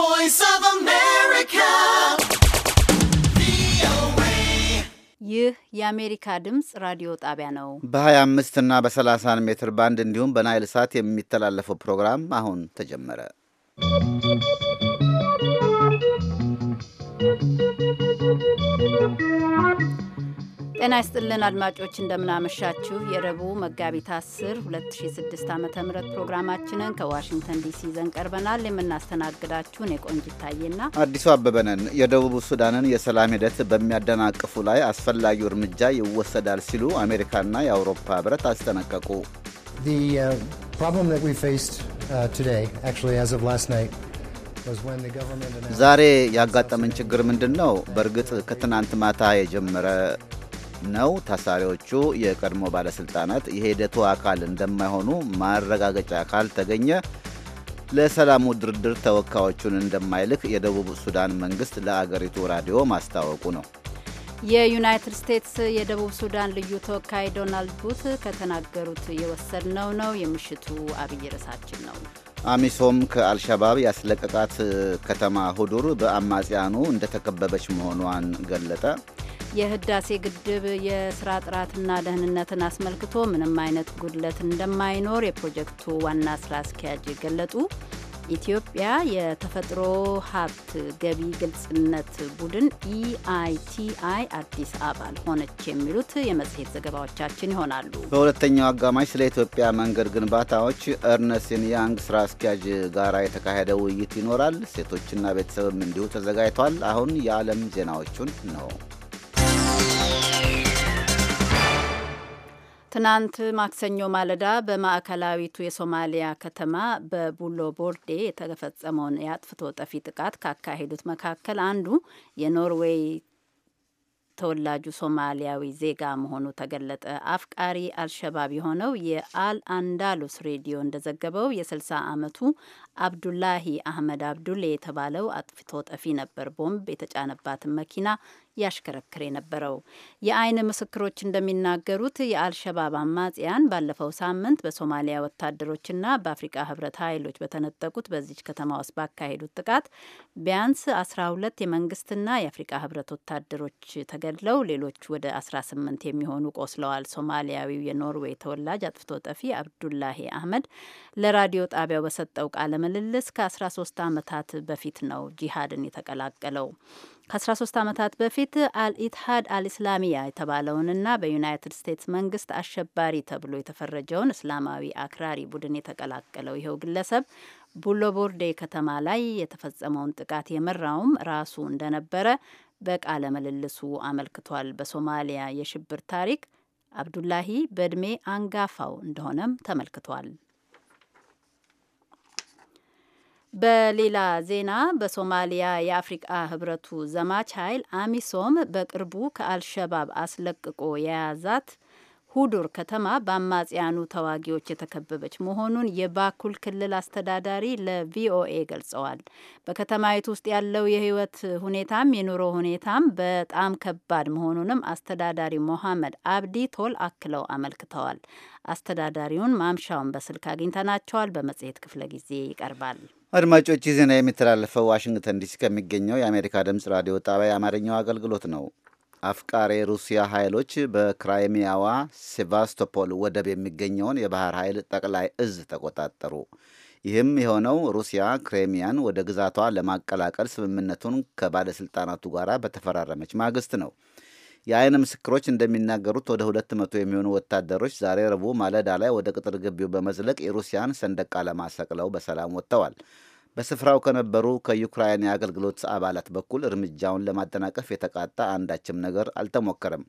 voice of America. ይህ የአሜሪካ ድምፅ ራዲዮ ጣቢያ ነው። በ25 እና በ30 ሜትር ባንድ እንዲሁም በናይል ሳት የሚተላለፈው ፕሮግራም አሁን ተጀመረ። ጤና ይስጥልን አድማጮች፣ እንደምናመሻችሁ። የረቡዕ መጋቢት 10 2006 ዓ ም ፕሮግራማችንን ከዋሽንግተን ዲሲ ይዘን ቀርበናል። እኔ ቆንጅ ይታየና አዲሱ አበበነን። የደቡብ ሱዳንን የሰላም ሂደት በሚያደናቅፉ ላይ አስፈላጊው እርምጃ ይወሰዳል ሲሉ አሜሪካና የአውሮፓ ህብረት አስጠነቀቁ። uh, uh, ዛሬ ያጋጠመን ችግር ምንድን ነው? በእርግጥ ከትናንት ማታ የጀመረ ነው። ታሳሪዎቹ የቀድሞ ባለሥልጣናት የሂደቱ አካል እንደማይሆኑ ማረጋገጫ ካልተገኘ ለሰላሙ ድርድር ተወካዮቹን እንደማይልክ የደቡብ ሱዳን መንግስት ለአገሪቱ ራዲዮ ማስታወቁ ነው። የዩናይትድ ስቴትስ የደቡብ ሱዳን ልዩ ተወካይ ዶናልድ ቡት ከተናገሩት የወሰድነው ነው። የምሽቱ አብይ ርዕሳችን ነው። አሚሶም ከአልሸባብ ያስለቀቃት ከተማ ሁዱር በአማጽያኑ እንደተከበበች መሆኗን ገለጠ። የህዳሴ ግድብ የስራ ጥራትና ደህንነትን አስመልክቶ ምንም አይነት ጉድለት እንደማይኖር የፕሮጀክቱ ዋና ስራ አስኪያጅ ገለጡ። ኢትዮጵያ የተፈጥሮ ሀብት ገቢ ግልጽነት ቡድን ኢአይቲአይ e አዲስ አባል ሆነች። የሚሉት የመጽሔት ዘገባዎቻችን ይሆናሉ። በሁለተኛው አጋማሽ ስለ ኢትዮጵያ መንገድ ግንባታዎች እርነስን ያንግ ስራ አስኪያጅ ጋራ የተካሄደ ውይይት ይኖራል። ሴቶችና ቤተሰብም እንዲሁ ተዘጋጅቷል። አሁን የዓለም ዜናዎቹን ነው። ትናንት ማክሰኞ ማለዳ በማዕከላዊቱ የሶማሊያ ከተማ በቡሎ ቦርዴ የተፈጸመውን የአጥፍቶ ጠፊ ጥቃት ካካሄዱት መካከል አንዱ የኖርዌይ ተወላጁ ሶማሊያዊ ዜጋ መሆኑ ተገለጠ። አፍቃሪ አልሸባብ የሆነው የአል አንዳሉስ ሬዲዮ እንደዘገበው የ60 ዓመቱ አብዱላሂ አህመድ አብዱል የተባለው አጥፍቶ ጠፊ ነበር ቦምብ የተጫነባትን መኪና ያሽከረክር የነበረው። የአይን ምስክሮች እንደሚናገሩት የአልሸባብ አማጽያን ባለፈው ሳምንት በሶማሊያ ወታደሮችና በአፍሪቃ ህብረት ኃይሎች በተነጠቁት በዚች ከተማ ውስጥ ባካሄዱት ጥቃት ቢያንስ 12 የመንግስትና የአፍሪቃ ህብረት ወታደሮች ተገድለው ሌሎች ወደ 18 የሚሆኑ ቆስለዋል። ሶማሊያዊው የኖርዌይ ተወላጅ አጥፍቶ ጠፊ አብዱላሂ አህመድ ለራዲዮ ጣቢያው በሰጠው ቃለ ምልልስ ከ13 ዓመታት በፊት ነው ጂሃድን የተቀላቀለው። ከ13 ዓመታት በፊት አልኢትሃድ አልእስላሚያ የተባለውንና በዩናይትድ ስቴትስ መንግስት አሸባሪ ተብሎ የተፈረጀውን እስላማዊ አክራሪ ቡድን የተቀላቀለው ይኸው ግለሰብ ቡሎቦርዴ ከተማ ላይ የተፈጸመውን ጥቃት የመራውም ራሱ እንደነበረ በቃለ ምልልሱ አመልክቷል። በሶማሊያ የሽብር ታሪክ አብዱላሂ በእድሜ አንጋፋው እንደሆነም ተመልክቷል። በሌላ ዜና በሶማሊያ የአፍሪቃ ህብረቱ ዘማች ኃይል አሚሶም በቅርቡ ከአልሸባብ አስለቅቆ የያዛት ሁዱር ከተማ በአማጽያኑ ተዋጊዎች የተከበበች መሆኑን የባኩል ክልል አስተዳዳሪ ለቪኦኤ ገልጸዋል። በከተማይቱ ውስጥ ያለው የህይወት ሁኔታም የኑሮ ሁኔታም በጣም ከባድ መሆኑንም አስተዳዳሪ ሞሐመድ አብዲ ቶል አክለው አመልክተዋል። አስተዳዳሪውን ማምሻውን በስልክ አግኝተናቸዋል። በመጽሔት ክፍለ ጊዜ ይቀርባል። አድማጮች ይህ ዜና የሚተላለፈው ዋሽንግተን ዲሲ ከሚገኘው የአሜሪካ ድምፅ ራዲዮ ጣቢያ የአማርኛው አገልግሎት ነው። አፍቃሪ ሩሲያ ኃይሎች በክራይሚያዋ ሴቫስቶፖል ወደብ የሚገኘውን የባህር ኃይል ጠቅላይ እዝ ተቆጣጠሩ። ይህም የሆነው ሩሲያ ክሬሚያን ወደ ግዛቷ ለማቀላቀል ስምምነቱን ከባለሥልጣናቱ ጋር በተፈራረመች ማግስት ነው። የአይን ምስክሮች እንደሚናገሩት ወደ ሁለት መቶ የሚሆኑ ወታደሮች ዛሬ ረቡዕ ማለዳ ላይ ወደ ቅጥር ግቢው በመዝለቅ የሩሲያን ሰንደቅ ዓላማ ሰቅለው በሰላም ወጥተዋል። በስፍራው ከነበሩ ከዩክራይን የአገልግሎት አባላት በኩል እርምጃውን ለማደናቀፍ የተቃጣ አንዳችም ነገር አልተሞከረም።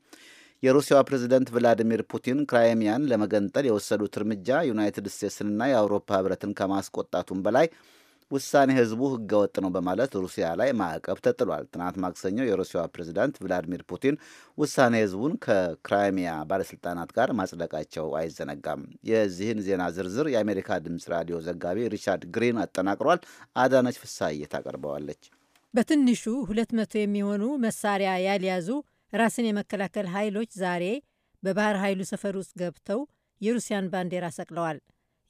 የሩሲያው ፕሬዝደንት ቭላዲሚር ፑቲን ክራይሚያን ለመገንጠል የወሰዱት እርምጃ ዩናይትድ ስቴትስንና የአውሮፓ ህብረትን ከማስቆጣቱም በላይ ውሳኔ ህዝቡ ህገወጥ ነው በማለት ሩሲያ ላይ ማዕቀብ ተጥሏል። ትናንት ማክሰኞ የሩሲያ ፕሬዚዳንት ቭላዲሚር ፑቲን ውሳኔ ህዝቡን ከክራይሚያ ባለስልጣናት ጋር ማጽደቃቸው አይዘነጋም። የዚህን ዜና ዝርዝር የአሜሪካ ድምፅ ራዲዮ ዘጋቢ ሪቻርድ ግሪን አጠናቅሯል። አዳነች ፍሳይ ታቀርበዋለች። በትንሹ ሁለት መቶ የሚሆኑ መሳሪያ ያልያዙ ራስን የመከላከል ኃይሎች ዛሬ በባህር ኃይሉ ሰፈር ውስጥ ገብተው የሩሲያን ባንዲራ ሰቅለዋል።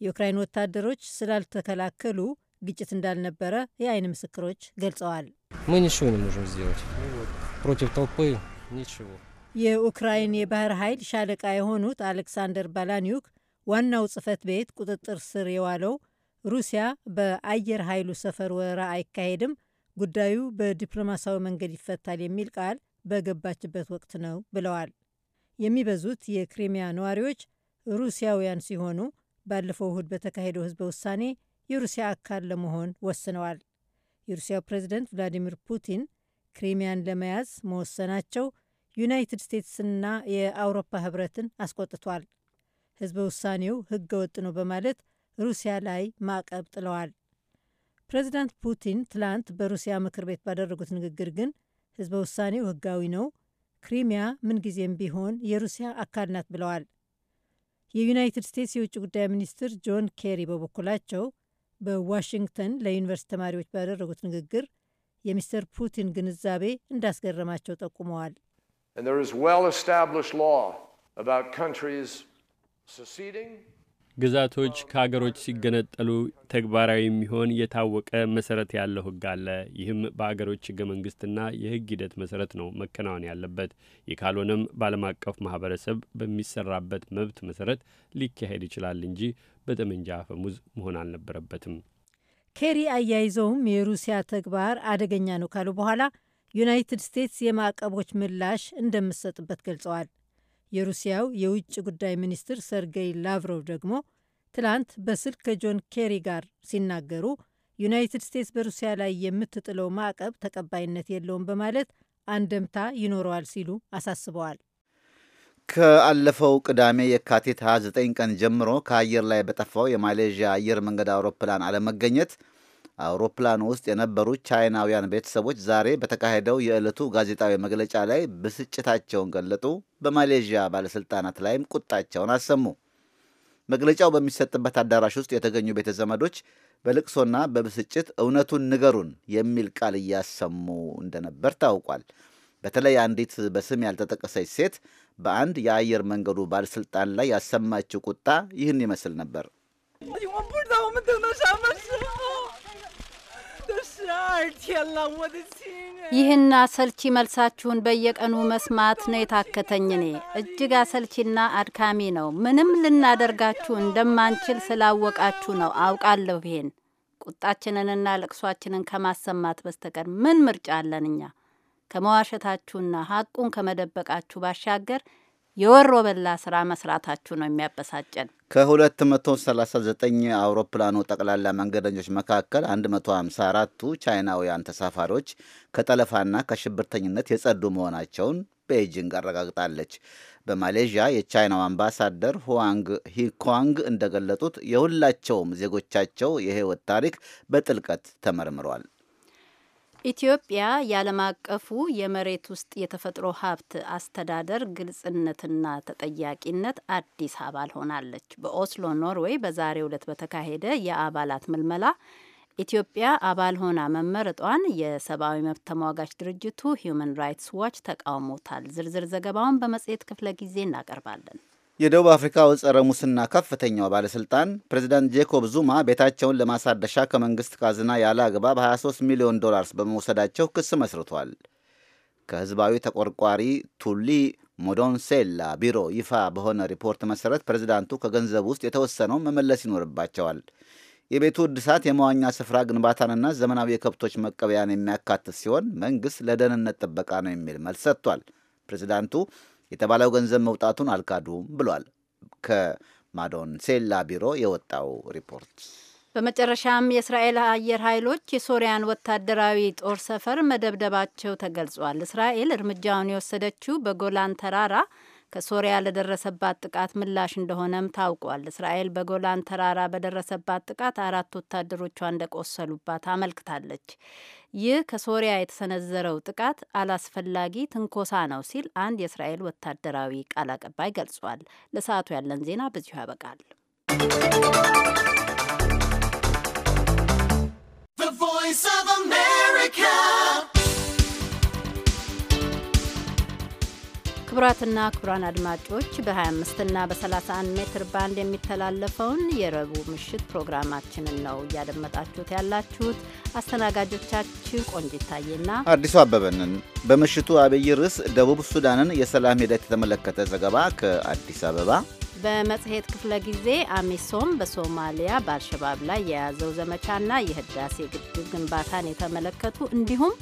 የዩክራይን ወታደሮች ስላልተከላከሉ ግጭት እንዳልነበረ የአይን ምስክሮች ገልጸዋል። የኡክራይን የባህር ኃይል ሻለቃ የሆኑት አሌክሳንደር ባላኒዩክ ዋናው ጽህፈት ቤት ቁጥጥር ስር የዋለው ሩሲያ በአየር ኃይሉ ሰፈር ወረራ አይካሄድም፣ ጉዳዩ በዲፕሎማሲያዊ መንገድ ይፈታል የሚል ቃል በገባችበት ወቅት ነው ብለዋል። የሚበዙት የክሪሚያ ነዋሪዎች ሩሲያውያን ሲሆኑ ባለፈው እሁድ በተካሄደው ህዝበ ውሳኔ የሩሲያ አካል ለመሆን ወስነዋል። የሩሲያው ፕሬዚደንት ቭላዲሚር ፑቲን ክሪሚያን ለመያዝ መወሰናቸው ዩናይትድ ስቴትስና የአውሮፓ ህብረትን አስቆጥቷል። ህዝበ ውሳኔው ህገ ወጥ ነው በማለት ሩሲያ ላይ ማዕቀብ ጥለዋል። ፕሬዚዳንት ፑቲን ትላንት በሩሲያ ምክር ቤት ባደረጉት ንግግር ግን ህዝበ ውሳኔው ህጋዊ ነው፣ ክሪሚያ ምንጊዜም ቢሆን የሩሲያ አካል ናት ብለዋል። የዩናይትድ ስቴትስ የውጭ ጉዳይ ሚኒስትር ጆን ኬሪ በበኩላቸው በዋሽንግተን ለዩኒቨርስቲ ተማሪዎች ባደረጉት ንግግር የሚስተር ፑቲን ግንዛቤ እንዳስገረማቸው ጠቁመዋል። ግዛቶች ከሀገሮች ሲገነጠሉ ተግባራዊ የሚሆን የታወቀ መሰረት ያለው ሕግ አለ። ይህም በሀገሮች ሕገ መንግስትና የሕግ ሂደት መሰረት ነው መከናወን ያለበት። ይህ ካልሆነም በዓለም አቀፍ ማህበረሰብ በሚሰራበት መብት መሰረት ሊካሄድ ይችላል እንጂ በጠመንጃ አፈሙዝ መሆን አልነበረበትም። ኬሪ አያይዘውም የሩሲያ ተግባር አደገኛ ነው ካሉ በኋላ ዩናይትድ ስቴትስ የማዕቀቦች ምላሽ እንደምትሰጥበት ገልጸዋል። የሩሲያው የውጭ ጉዳይ ሚኒስትር ሰርጌይ ላቭሮቭ ደግሞ ትላንት በስልክ ከጆን ኬሪ ጋር ሲናገሩ ዩናይትድ ስቴትስ በሩሲያ ላይ የምትጥለው ማዕቀብ ተቀባይነት የለውም በማለት አንደምታ ይኖረዋል ሲሉ አሳስበዋል። ከአለፈው ቅዳሜ የካቲት 29 ቀን ጀምሮ ከአየር ላይ በጠፋው የማሌዥያ አየር መንገድ አውሮፕላን አለመገኘት አውሮፕላን ውስጥ የነበሩ ቻይናውያን ቤተሰቦች ዛሬ በተካሄደው የዕለቱ ጋዜጣዊ መግለጫ ላይ ብስጭታቸውን ገለጡ። በማሌዥያ ባለሥልጣናት ላይም ቁጣቸውን አሰሙ። መግለጫው በሚሰጥበት አዳራሽ ውስጥ የተገኙ ቤተ ዘመዶች በልቅሶና በብስጭት እውነቱን ንገሩን የሚል ቃል እያሰሙ እንደነበር ታውቋል። በተለይ አንዲት በስም ያልተጠቀሰች ሴት በአንድ የአየር መንገዱ ባለሥልጣን ላይ ያሰማችው ቁጣ ይህን ይመስል ነበር። ይህን አሰልቺ መልሳችሁን በየቀኑ መስማት ነው የታከተኝ። እኔ እጅግ አሰልቺና አድካሚ ነው። ምንም ልናደርጋችሁ እንደማንችል ስላወቃችሁ ነው። አውቃለሁ። ይሄን ቁጣችንንና ለቅሷችንን ከማሰማት በስተቀር ምን ምርጫ አለን እኛ? ከመዋሸታችሁና ሀቁን ከመደበቃችሁ ባሻገር የወሮ በላ ስራ መስራታችሁ ነው የሚያበሳጨን። ከ239 አውሮፕላኑ ጠቅላላ መንገደኞች መካከል 154ቱ ቻይናውያን ተሳፋሪዎች ከጠለፋና ከሽብርተኝነት የጸዱ መሆናቸውን ቤጂንግ አረጋግጣለች። በማሌዥያ የቻይናው አምባሳደር ሁዋንግ ሂኳንግ እንደገለጡት የሁላቸውም ዜጎቻቸው የህይወት ታሪክ በጥልቀት ተመርምሯል። ኢትዮጵያ የዓለም አቀፉ የመሬት ውስጥ የተፈጥሮ ሀብት አስተዳደር ግልጽነትና ተጠያቂነት አዲስ አባል ሆናለች። በኦስሎ ኖርዌይ በዛሬው ዕለት በተካሄደ የአባላት ምልመላ ኢትዮጵያ አባል ሆና መመረጧን የሰብአዊ መብት ተሟጋች ድርጅቱ ሂዩማን ራይትስ ዋች ተቃውሞታል። ዝርዝር ዘገባውን በመጽሔት ክፍለ ጊዜ እናቀርባለን። የደቡብ አፍሪካው ጸረ ሙስና ከፍተኛው ባለሥልጣን ፕሬዚዳንት ጄኮብ ዙማ ቤታቸውን ለማሳደሻ ከመንግሥት ካዝና ያለ አግባብ 23 ሚሊዮን ዶላርስ በመውሰዳቸው ክስ መስርቷል። ከሕዝባዊ ተቆርቋሪ ቱሊ ሞዶንሴላ ቢሮ ይፋ በሆነ ሪፖርት መሠረት ፕሬዚዳንቱ ከገንዘብ ውስጥ የተወሰነውን መመለስ ይኖርባቸዋል። የቤቱ እድሳት የመዋኛ ስፍራ ግንባታንና ዘመናዊ የከብቶች መቀበያን የሚያካትት ሲሆን መንግስት ለደህንነት ጥበቃ ነው የሚል መልስ ሰጥቷል። ፕሬዚዳንቱ የተባለው ገንዘብ መውጣቱን አልካዱም ብሏል ከማዶን ሴላ ቢሮ የወጣው ሪፖርት። በመጨረሻም የእስራኤል አየር ኃይሎች የሶሪያን ወታደራዊ ጦር ሰፈር መደብደባቸው ተገልጿል። እስራኤል እርምጃውን የወሰደችው በጎላን ተራራ ከሶሪያ ለደረሰባት ጥቃት ምላሽ እንደሆነም ታውቋል። እስራኤል በጎላን ተራራ በደረሰባት ጥቃት አራት ወታደሮቿ እንደቆሰሉባት አመልክታለች። ይህ ከሶሪያ የተሰነዘረው ጥቃት አላስፈላጊ ትንኮሳ ነው ሲል አንድ የእስራኤል ወታደራዊ ቃል አቀባይ ገልጿል። ለሰዓቱ ያለን ዜና በዚሁ ያበቃል። The voice of America ክቡራትና ክቡራን አድማጮች በ25ና በ31 ሜትር ባንድ የሚተላለፈውን የረቡዕ ምሽት ፕሮግራማችንን ነው እያደመጣችሁት ያላችሁት። አስተናጋጆቻችሁ ቆንጂት ታዬና አዲሱ አበበንን። በምሽቱ አብይ ርዕስ ደቡብ ሱዳንን የሰላም ሂደት የተመለከተ ዘገባ ከአዲስ አበባ በመጽሔት ክፍለ ጊዜ አሚሶም በሶማሊያ በአልሸባብ ላይ የያዘው ዘመቻና የህዳሴ ግድብ ግንባታን የተመለከቱ እንዲሁም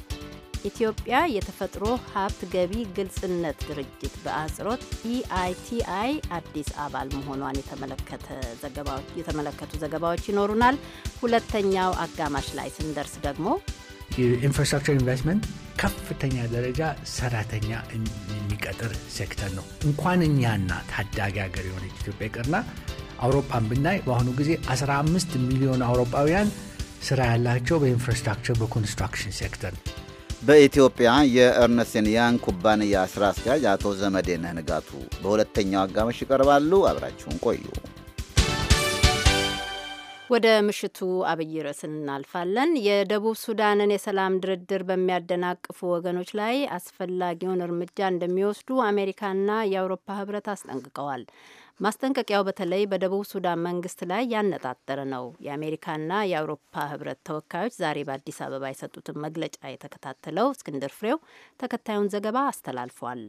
ኢትዮጵያ የተፈጥሮ ሀብት ገቢ ግልጽነት ድርጅት በአጽሮት ኢአይቲአይ e አዲስ አባል መሆኗን የተመለከቱ ዘገባዎች ይኖሩናል። ሁለተኛው አጋማሽ ላይ ስንደርስ ደግሞ የኢንፍራስትራክቸር ኢንቨስትመንት ከፍተኛ ደረጃ ሰራተኛ የሚቀጥር ሴክተር ነው። እንኳን እኛና ታዳጊ ሀገር የሆነች ኢትዮጵያ ቅርና አውሮፓን ብናይ በአሁኑ ጊዜ 15 ሚሊዮን አውሮፓውያን ስራ ያላቸው በኢንፍራስትራክቸር በኮንስትራክሽን ሴክተር ነው። በኢትዮጵያ የእርነስን ያን ኩባንያ ስራ አስኪያጅ አቶ ዘመዴነህ ንጋቱ በሁለተኛው አጋማሽ ይቀርባሉ። አብራችሁን ቆዩ። ወደ ምሽቱ አብይ ርዕስ እናልፋለን። የደቡብ ሱዳንን የሰላም ድርድር በሚያደናቅፉ ወገኖች ላይ አስፈላጊውን እርምጃ እንደሚወስዱ አሜሪካና የአውሮፓ ህብረት አስጠንቅቀዋል። ማስጠንቀቂያው በተለይ በደቡብ ሱዳን መንግስት ላይ ያነጣጠረ ነው። የአሜሪካና የአውሮፓ ህብረት ተወካዮች ዛሬ በአዲስ አበባ የሰጡትን መግለጫ የተከታተለው እስክንድር ፍሬው ተከታዩን ዘገባ አስተላልፏል።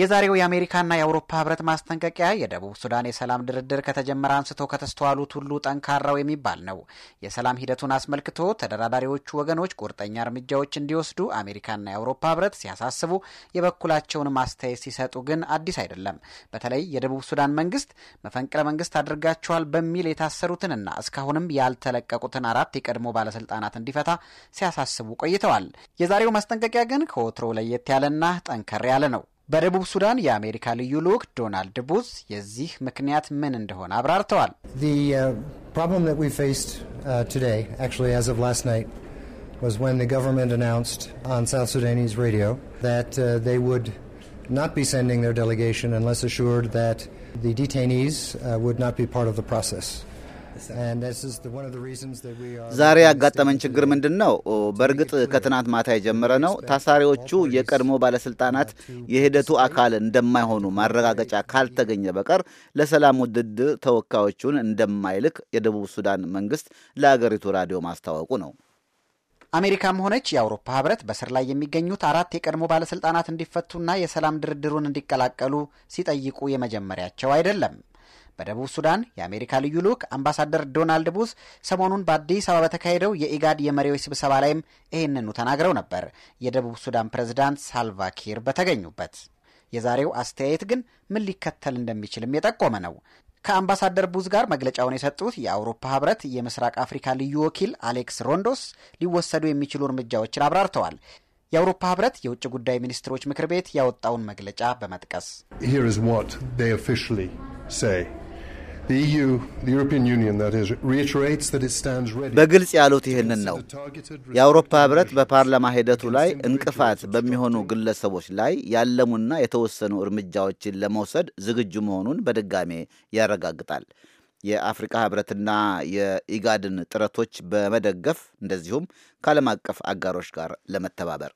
የዛሬው የአሜሪካና የአውሮፓ ህብረት ማስጠንቀቂያ የደቡብ ሱዳን የሰላም ድርድር ከተጀመረ አንስቶ ከተስተዋሉት ሁሉ ጠንካራው የሚባል ነው። የሰላም ሂደቱን አስመልክቶ ተደራዳሪዎቹ ወገኖች ቁርጠኛ እርምጃዎች እንዲወስዱ አሜሪካና የአውሮፓ ህብረት ሲያሳስቡ፣ የበኩላቸውን ማስተያየት ሲሰጡ ግን አዲስ አይደለም። በተለይ የደቡብ ሱዳን መንግስት መፈንቅለ መንግስት አድርጋቸዋል በሚል የታሰሩትንና እስካሁንም ያልተለቀቁትን አራት የቀድሞ ባለስልጣናት እንዲፈታ ሲያሳስቡ ቆይተዋል። የዛሬው ማስጠንቀቂያ ግን ከወትሮ ለየት ያለና ጠንከር ያለ ነው። በደቡብ ሱዳን የአሜሪካ ልዩ ልዑክ ዶናልድ ቡዝ የዚህ ምክንያት ምን እንደሆነ አብራርተዋል። uh, uh, was when the government announced on South Sudanese radio that uh, they would not be sending their delegation unless assured that the detainees uh, would not be part of the process. ዛሬ ያጋጠመን ችግር ምንድን ነው? በእርግጥ ከትናንት ማታ የጀመረ ነው። ታሳሪዎቹ የቀድሞ ባለስልጣናት የሂደቱ አካል እንደማይሆኑ ማረጋገጫ ካልተገኘ በቀር ለሰላም ውድድር ተወካዮቹን እንደማይልክ የደቡብ ሱዳን መንግስት ለአገሪቱ ራዲዮ ማስታወቁ ነው። አሜሪካም ሆነች የአውሮፓ ህብረት በስር ላይ የሚገኙት አራት የቀድሞ ባለስልጣናት እንዲፈቱና የሰላም ድርድሩን እንዲቀላቀሉ ሲጠይቁ የመጀመሪያቸው አይደለም። በደቡብ ሱዳን የአሜሪካ ልዩ ልዑክ አምባሳደር ዶናልድ ቡዝ ሰሞኑን በአዲስ አበባ በተካሄደው የኢጋድ የመሪዎች ስብሰባ ላይም ይህንኑ ተናግረው ነበር የደቡብ ሱዳን ፕሬዝዳንት ሳልቫኪር በተገኙበት። የዛሬው አስተያየት ግን ምን ሊከተል እንደሚችልም የጠቆመ ነው። ከአምባሳደር ቡዝ ጋር መግለጫውን የሰጡት የአውሮፓ ህብረት የምስራቅ አፍሪካ ልዩ ወኪል አሌክስ ሮንዶስ ሊወሰዱ የሚችሉ እርምጃዎችን አብራርተዋል። የአውሮፓ ህብረት የውጭ ጉዳይ ሚኒስትሮች ምክር ቤት ያወጣውን መግለጫ በመጥቀስ E በግልጽ ያሉት ይህንን ነው። የአውሮፓ ህብረት በፓርላማ ሂደቱ ላይ እንቅፋት በሚሆኑ ግለሰቦች ላይ ያለሙና የተወሰኑ እርምጃዎችን ለመውሰድ ዝግጁ መሆኑን በድጋሜ ያረጋግጣል። የአፍሪካ ህብረትና የኢጋድን ጥረቶች በመደገፍ እንደዚሁም ከዓለም አቀፍ አጋሮች ጋር ለመተባበር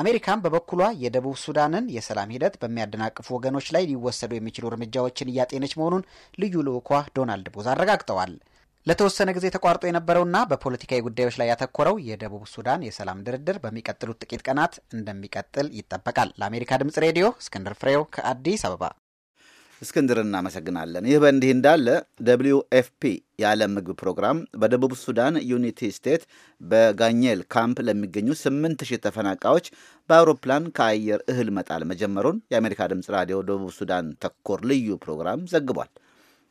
አሜሪካም በበኩሏ የደቡብ ሱዳንን የሰላም ሂደት በሚያደናቅፉ ወገኖች ላይ ሊወሰዱ የሚችሉ እርምጃዎችን እያጤነች መሆኑን ልዩ ልዑኳ ዶናልድ ቡዝ አረጋግጠዋል። ለተወሰነ ጊዜ ተቋርጦ የነበረውና በፖለቲካዊ ጉዳዮች ላይ ያተኮረው የደቡብ ሱዳን የሰላም ድርድር በሚቀጥሉት ጥቂት ቀናት እንደሚቀጥል ይጠበቃል። ለአሜሪካ ድምጽ ሬዲዮ እስክንድር ፍሬው ከአዲስ አበባ እስክንድር እናመሰግናለን። ይህ በእንዲህ እንዳለ ፒ የዓለም ምግብ ፕሮግራም በደቡብ ሱዳን ዩኒቲ ስቴት በጋኘል ካምፕ ለሚገኙ 8000 ተፈናቃዮች በአውሮፕላን ከአየር እህል መጣል መጀመሩን የአሜሪካ ድምፅ ራዲዮ ደቡብ ሱዳን ተኮር ልዩ ፕሮግራም ዘግቧል።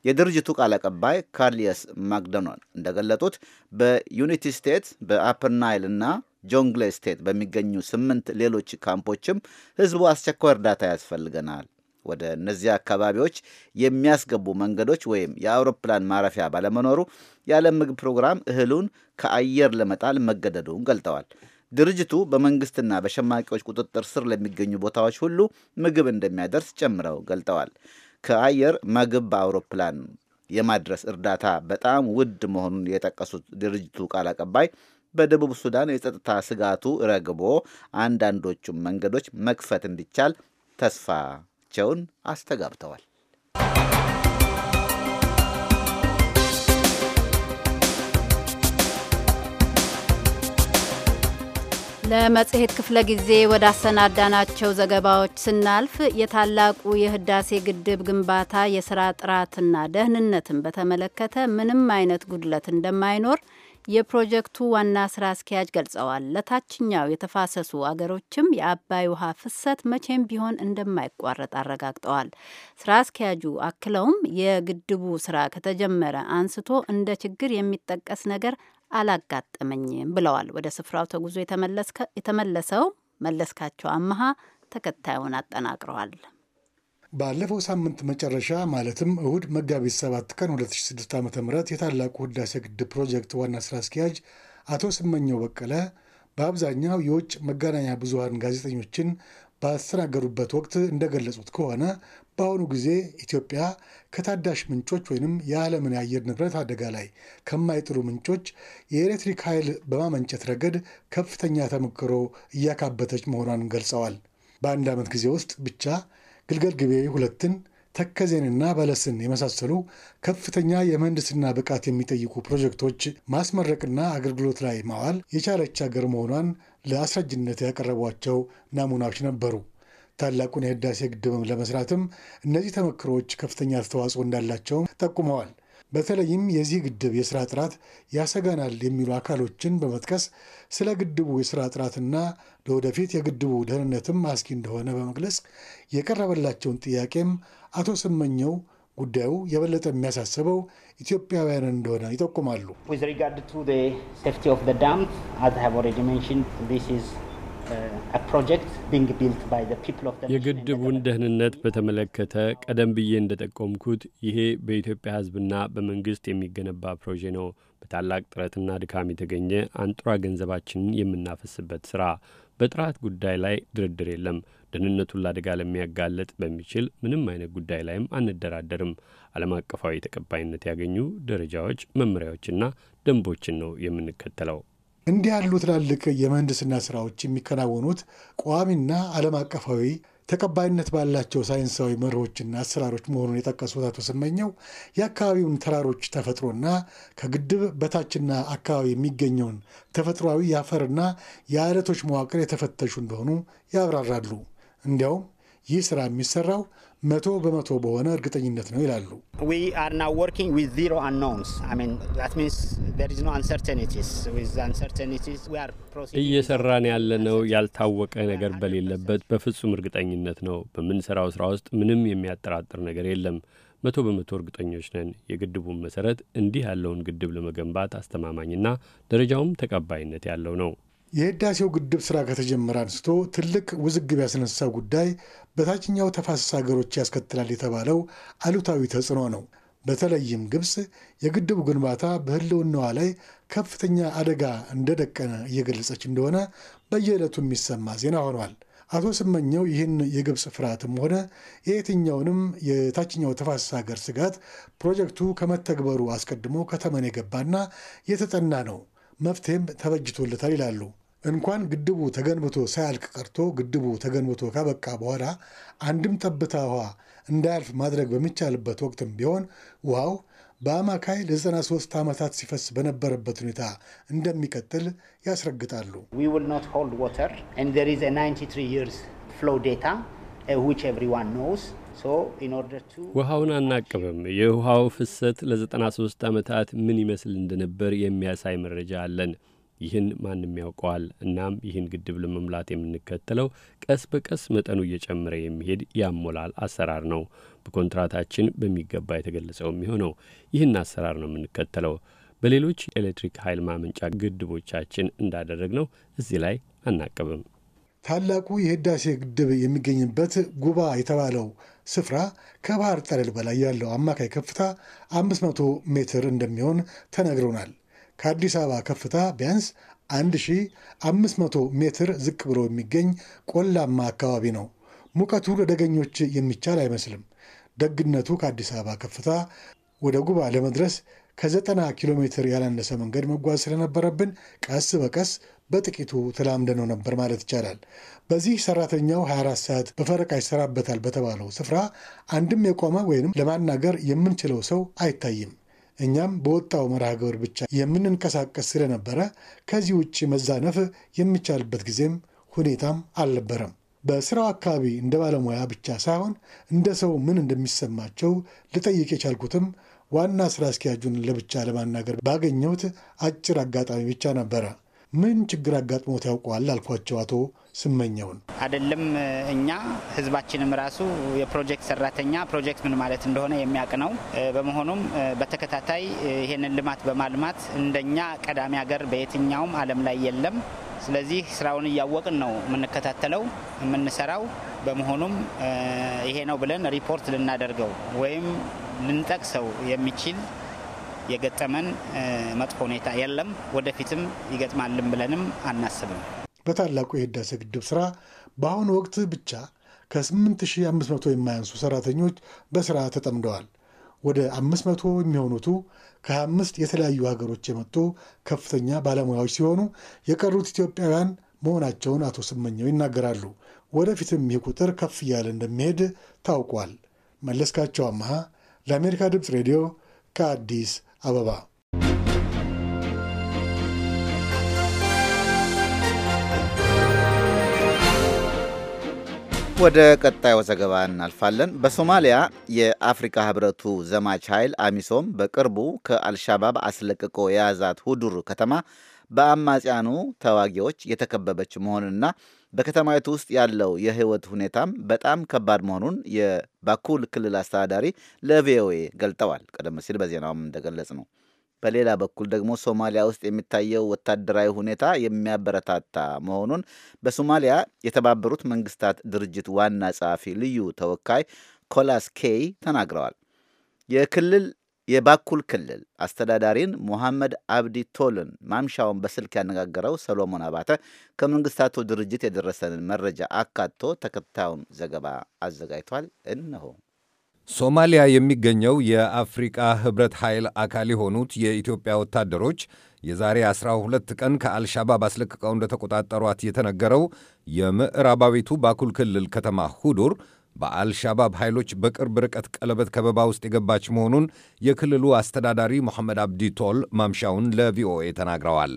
የድርጅቱ ቃል አቀባይ ካርሊየስ ማክዶናል እንደገለጡት በዩኒቲ ስቴት በአፐር ናይል እና ጆንግሌ ስቴት በሚገኙ ስምንት ሌሎች ካምፖችም ህዝቡ አስቸኳይ እርዳታ ያስፈልገናል ወደ እነዚያ አካባቢዎች የሚያስገቡ መንገዶች ወይም የአውሮፕላን ማረፊያ ባለመኖሩ የዓለም ምግብ ፕሮግራም እህሉን ከአየር ለመጣል መገደዱን ገልጠዋል። ድርጅቱ በመንግስትና በሸማቂዎች ቁጥጥር ስር ለሚገኙ ቦታዎች ሁሉ ምግብ እንደሚያደርስ ጨምረው ገልጠዋል። ከአየር ምግብ በአውሮፕላን የማድረስ እርዳታ በጣም ውድ መሆኑን የጠቀሱት ድርጅቱ ቃል አቀባይ በደቡብ ሱዳን የጸጥታ ስጋቱ ረግቦ አንዳንዶቹም መንገዶች መክፈት እንዲቻል ተስፋ ቸውን አስተጋብተዋል። ለመጽሔት ክፍለ ጊዜ ወዳሰናዳናቸው ዘገባዎች ስናልፍ የታላቁ የህዳሴ ግድብ ግንባታ የስራ ጥራትና ደህንነትን በተመለከተ ምንም አይነት ጉድለት እንደማይኖር የፕሮጀክቱ ዋና ስራ አስኪያጅ ገልጸዋል። ለታችኛው የተፋሰሱ አገሮችም የአባይ ውሃ ፍሰት መቼም ቢሆን እንደማይቋረጥ አረጋግጠዋል። ስራ አስኪያጁ አክለውም የግድቡ ስራ ከተጀመረ አንስቶ እንደ ችግር የሚጠቀስ ነገር አላጋጠመኝም ብለዋል። ወደ ስፍራው ተጉዞ የተመለሰው መለስካቸው አመሃ ተከታዩን አጠናቅረዋል። ባለፈው ሳምንት መጨረሻ ማለትም እሁድ መጋቢት 7 ቀን 2006 ዓ ም የታላቁ ህዳሴ ግድብ ፕሮጀክት ዋና ስራ አስኪያጅ አቶ ስመኘው በቀለ በአብዛኛው የውጭ መገናኛ ብዙሃን ጋዜጠኞችን ባስተናገዱበት ወቅት እንደገለጹት ከሆነ በአሁኑ ጊዜ ኢትዮጵያ ከታዳሽ ምንጮች ወይንም የዓለምን የአየር ንብረት አደጋ ላይ ከማይጥሉ ምንጮች የኤሌክትሪክ ኃይል በማመንጨት ረገድ ከፍተኛ ተሞክሮ እያካበተች መሆኗን ገልጸዋል። በአንድ ዓመት ጊዜ ውስጥ ብቻ ግልገል ግቤ ሁለትን ተከዜንና በለስን የመሳሰሉ ከፍተኛ የምህንድስና ብቃት የሚጠይቁ ፕሮጀክቶች ማስመረቅና አገልግሎት ላይ ማዋል የቻለች ሀገር መሆኗን ለአስረጅነት ያቀረቧቸው ናሙናዎች ነበሩ። ታላቁን የህዳሴ ግድብም ለመስራትም እነዚህ ተመክሮዎች ከፍተኛ አስተዋጽኦ እንዳላቸውም ጠቁመዋል። በተለይም የዚህ ግድብ የስራ ጥራት ያሰጋናል የሚሉ አካሎችን በመጥቀስ ስለ ግድቡ የስራ ጥራትና ለወደፊት የግድቡ ደህንነትም አስጊ እንደሆነ በመግለጽ የቀረበላቸውን ጥያቄም አቶ ስመኘው ጉዳዩ የበለጠ የሚያሳስበው ኢትዮጵያውያን እንደሆነ ይጠቁማሉ። Uh, የግድቡን ደህንነት በተመለከተ ቀደም ብዬ እንደጠቆምኩት ይሄ በኢትዮጵያ ሕዝብና በመንግስት የሚገነባ ፕሮጄ ነው። በታላቅ ጥረትና ድካም የተገኘ አንጡራ ገንዘባችንን የምናፈስበት ስራ። በጥራት ጉዳይ ላይ ድርድር የለም። ደህንነቱን ለአደጋ ለሚያጋለጥ በሚችል ምንም አይነት ጉዳይ ላይም አንደራደርም። ዓለም አቀፋዊ ተቀባይነት ያገኙ ደረጃዎች፣ መመሪያዎችና ደንቦችን ነው የምንከተለው። እንዲህ ያሉ ትላልቅ የምህንድስና ስራዎች የሚከናወኑት ቋሚና ዓለም አቀፋዊ ተቀባይነት ባላቸው ሳይንሳዊ መርሆችና አሰራሮች መሆኑን የጠቀሱት አቶ ስመኘው የአካባቢውን ተራሮች ተፈጥሮና ከግድብ በታችና አካባቢ የሚገኘውን ተፈጥሯዊ የአፈርና የአለቶች መዋቅር የተፈተሹ እንደሆኑ ያብራራሉ። እንዲያውም ይህ ስራ የሚሰራው መቶ በመቶ በሆነ እርግጠኝነት ነው ይላሉ። እየሰራን ያለነው ያልታወቀ ነገር በሌለበት በፍጹም እርግጠኝነት ነው። በምንሰራው ስራ ውስጥ ምንም የሚያጠራጥር ነገር የለም። መቶ በመቶ እርግጠኞች ነን። የግድቡን መሰረት እንዲህ ያለውን ግድብ ለመገንባት አስተማማኝና ደረጃውም ተቀባይነት ያለው ነው። የህዳሴው ግድብ ስራ ከተጀመረ አንስቶ ትልቅ ውዝግብ ያስነሳው ጉዳይ በታችኛው ተፋሰስ ሀገሮች ያስከትላል የተባለው አሉታዊ ተጽዕኖ ነው። በተለይም ግብፅ የግድቡ ግንባታ በህልውናዋ ላይ ከፍተኛ አደጋ እንደደቀነ እየገለጸች እንደሆነ በየዕለቱ የሚሰማ ዜና ሆኗል። አቶ ስመኘው ይህን የግብፅ ፍርሃትም ሆነ የየትኛውንም የታችኛው ተፋሰስ ሀገር ስጋት ፕሮጀክቱ ከመተግበሩ አስቀድሞ ከተመን የገባና የተጠና ነው፣ መፍትሄም ተበጅቶለታል ይላሉ። እንኳን ግድቡ ተገንብቶ ሳያልቅ ቀርቶ ግድቡ ተገንብቶ ካበቃ በኋላ አንድም ጠብታ ውሃ እንዳያልፍ ማድረግ በሚቻልበት ወቅትም ቢሆን ውሃው በአማካይ ለ93 ዓመታት ሲፈስ በነበረበት ሁኔታ እንደሚቀጥል ያስረግጣሉ። uh, ውሃውን አናቅብም። የውሃው ፍሰት ለ93 ዓመታት ምን ይመስል እንደነበር የሚያሳይ መረጃ አለን። ይህን ማንም ያውቀዋል። እናም ይህን ግድብ ለመሙላት የምንከተለው ቀስ በቀስ መጠኑ እየጨመረ የሚሄድ ያሞላል አሰራር ነው። በኮንትራታችን በሚገባ የተገለጸው የሚሆነው ይህን አሰራር ነው የምንከተለው። በሌሎች ኤሌክትሪክ ኃይል ማመንጫ ግድቦቻችን እንዳደረግነው እዚህ ላይ አናቅብም። ታላቁ የህዳሴ ግድብ የሚገኝበት ጉባ የተባለው ስፍራ ከባህር ጠለል በላይ ያለው አማካይ ከፍታ 500 ሜትር እንደሚሆን ተነግሮናል። ከአዲስ አበባ ከፍታ ቢያንስ 1500 ሜትር ዝቅ ብሎ የሚገኝ ቆላማ አካባቢ ነው። ሙቀቱ ለደገኞች የሚቻል አይመስልም። ደግነቱ ከአዲስ አበባ ከፍታ ወደ ጉባ ለመድረስ ከዘጠና ኪሎ ሜትር ያላነሰ መንገድ መጓዝ ስለነበረብን ቀስ በቀስ በጥቂቱ ተላምደነው ነበር ማለት ይቻላል። በዚህ ሰራተኛው 24 ሰዓት በፈረቃ ይሰራበታል በተባለው ስፍራ አንድም የቆመ ወይንም ለማናገር የምንችለው ሰው አይታይም። እኛም በወጣው መርሃ ግብር ብቻ የምንንቀሳቀስ ስለነበረ ከዚህ ውጭ መዛነፍ የሚቻልበት ጊዜም ሁኔታም አልነበረም። በስራው አካባቢ እንደ ባለሙያ ብቻ ሳይሆን እንደ ሰው ምን እንደሚሰማቸው ልጠይቅ የቻልኩትም ዋና ስራ አስኪያጁን ለብቻ ለማናገር ባገኘሁት አጭር አጋጣሚ ብቻ ነበረ። ምን ችግር አጋጥሞት ያውቀዋል? አልኳቸው አቶ ስመኘውን አይደለም እኛ ህዝባችንም ራሱ የፕሮጀክት ሰራተኛ ፕሮጀክት ምን ማለት እንደሆነ የሚያውቅ ነው። በመሆኑም በተከታታይ ይህንን ልማት በማልማት እንደኛ ቀዳሚ ሀገር በየትኛውም ዓለም ላይ የለም። ስለዚህ ስራውን እያወቅን ነው የምንከታተለው የምንሰራው። በመሆኑም ይሄ ነው ብለን ሪፖርት ልናደርገው ወይም ልንጠቅሰው የሚችል የገጠመን መጥፎ ሁኔታ የለም። ወደፊትም ይገጥማልን ብለንም አናስብም። በታላቁ የህዳሴ ግድብ ስራ በአሁኑ ወቅት ብቻ ከ8500 የማያንሱ ሰራተኞች በስራ ተጠምደዋል። ወደ 500 የሚሆኑቱ ከ25 የተለያዩ ሀገሮች የመጡ ከፍተኛ ባለሙያዎች ሲሆኑ የቀሩት ኢትዮጵያውያን መሆናቸውን አቶ ስመኘው ይናገራሉ። ወደፊትም ይህ ቁጥር ከፍ እያለ እንደሚሄድ ታውቋል። መለስካቸው አመሃ ለአሜሪካ ድምፅ ሬዲዮ ከአዲስ አበባ ወደ ቀጣዩ ዘገባ እናልፋለን። በሶማሊያ የአፍሪካ ህብረቱ ዘማች ኃይል አሚሶም በቅርቡ ከአልሻባብ አስለቅቆ የያዛት ሁዱር ከተማ በአማጽያኑ ተዋጊዎች የተከበበች መሆንና በከተማይቱ ውስጥ ያለው የህይወት ሁኔታም በጣም ከባድ መሆኑን የባኩል ክልል አስተዳዳሪ ለቪኦኤ ገልጠዋል። ቀደም ሲል በዜናውም እንደገለጽ ነው። በሌላ በኩል ደግሞ ሶማሊያ ውስጥ የሚታየው ወታደራዊ ሁኔታ የሚያበረታታ መሆኑን በሶማሊያ የተባበሩት መንግስታት ድርጅት ዋና ጸሐፊ ልዩ ተወካይ ኮላስ ኬይ ተናግረዋል። የክልል የባኩል ክልል አስተዳዳሪን ሞሐመድ አብዲ ቶልን ማምሻውን በስልክ ያነጋገረው ሰሎሞን አባተ ከመንግስታቱ ድርጅት የደረሰንን መረጃ አካቶ ተከታዩን ዘገባ አዘጋጅቷል። እነሆ። ሶማሊያ የሚገኘው የአፍሪቃ ህብረት ኃይል አካል የሆኑት የኢትዮጵያ ወታደሮች የዛሬ 12 ቀን ከአልሻባብ አስለቅቀው እንደተቆጣጠሯት የተነገረው የምዕራባዊቱ ባኩል ክልል ከተማ ሁዱር በአልሻባብ ኃይሎች በቅርብ ርቀት ቀለበት ከበባ ውስጥ የገባች መሆኑን የክልሉ አስተዳዳሪ መሐመድ አብዲ ቶል ማምሻውን ለቪኦኤ ተናግረዋል።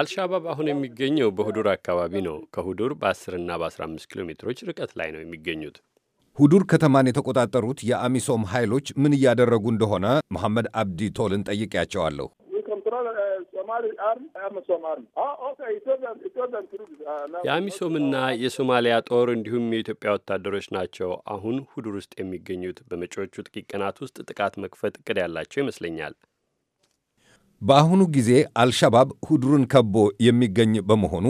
አልሻባብ አሁን የሚገኘው በሁዱር አካባቢ ነው። ከሁዱር በ10ና በ15 ኪሎ ሜትሮች ርቀት ላይ ነው የሚገኙት። ሁዱር ከተማን የተቆጣጠሩት የአሚሶም ኃይሎች ምን እያደረጉ እንደሆነ መሐመድ አብዲ ቶልን ጠይቄያቸዋለሁ። የአሚሶምና የሶማሊያ ጦር እንዲሁም የኢትዮጵያ ወታደሮች ናቸው አሁን ሁዱር ውስጥ የሚገኙት። በመጪዎቹ ጥቂት ቀናት ውስጥ ጥቃት መክፈት እቅድ ያላቸው ይመስለኛል። በአሁኑ ጊዜ አልሻባብ ሁድሩን ከቦ የሚገኝ በመሆኑ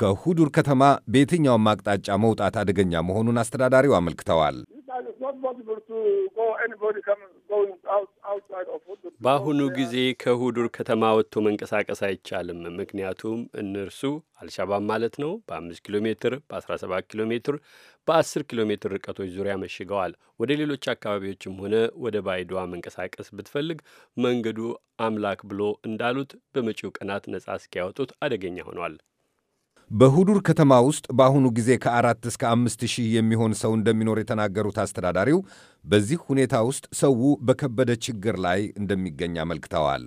ከሁዱር ከተማ በየትኛውም አቅጣጫ መውጣት አደገኛ መሆኑን አስተዳዳሪው አመልክተዋል። በአሁኑ ጊዜ ከሁዱር ከተማ ወጥቶ መንቀሳቀስ አይቻልም። ምክንያቱም እነርሱ አልሻባብ ማለት ነው በአምስት ኪሎ ሜትር በ17 ኪሎ ሜትር በ10 ኪሎ ሜትር ርቀቶች ዙሪያ መሽገዋል። ወደ ሌሎች አካባቢዎችም ሆነ ወደ ባይዶዋ መንቀሳቀስ ብትፈልግ መንገዱ አምላክ ብሎ እንዳሉት በመጪው ቀናት ነጻ እስኪያወጡት አደገኛ ሆኗል። በሁዱር ከተማ ውስጥ በአሁኑ ጊዜ ከአራት እስከ አምስት ሺህ የሚሆን ሰው እንደሚኖር የተናገሩት አስተዳዳሪው በዚህ ሁኔታ ውስጥ ሰው በከበደ ችግር ላይ እንደሚገኝ አመልክተዋል።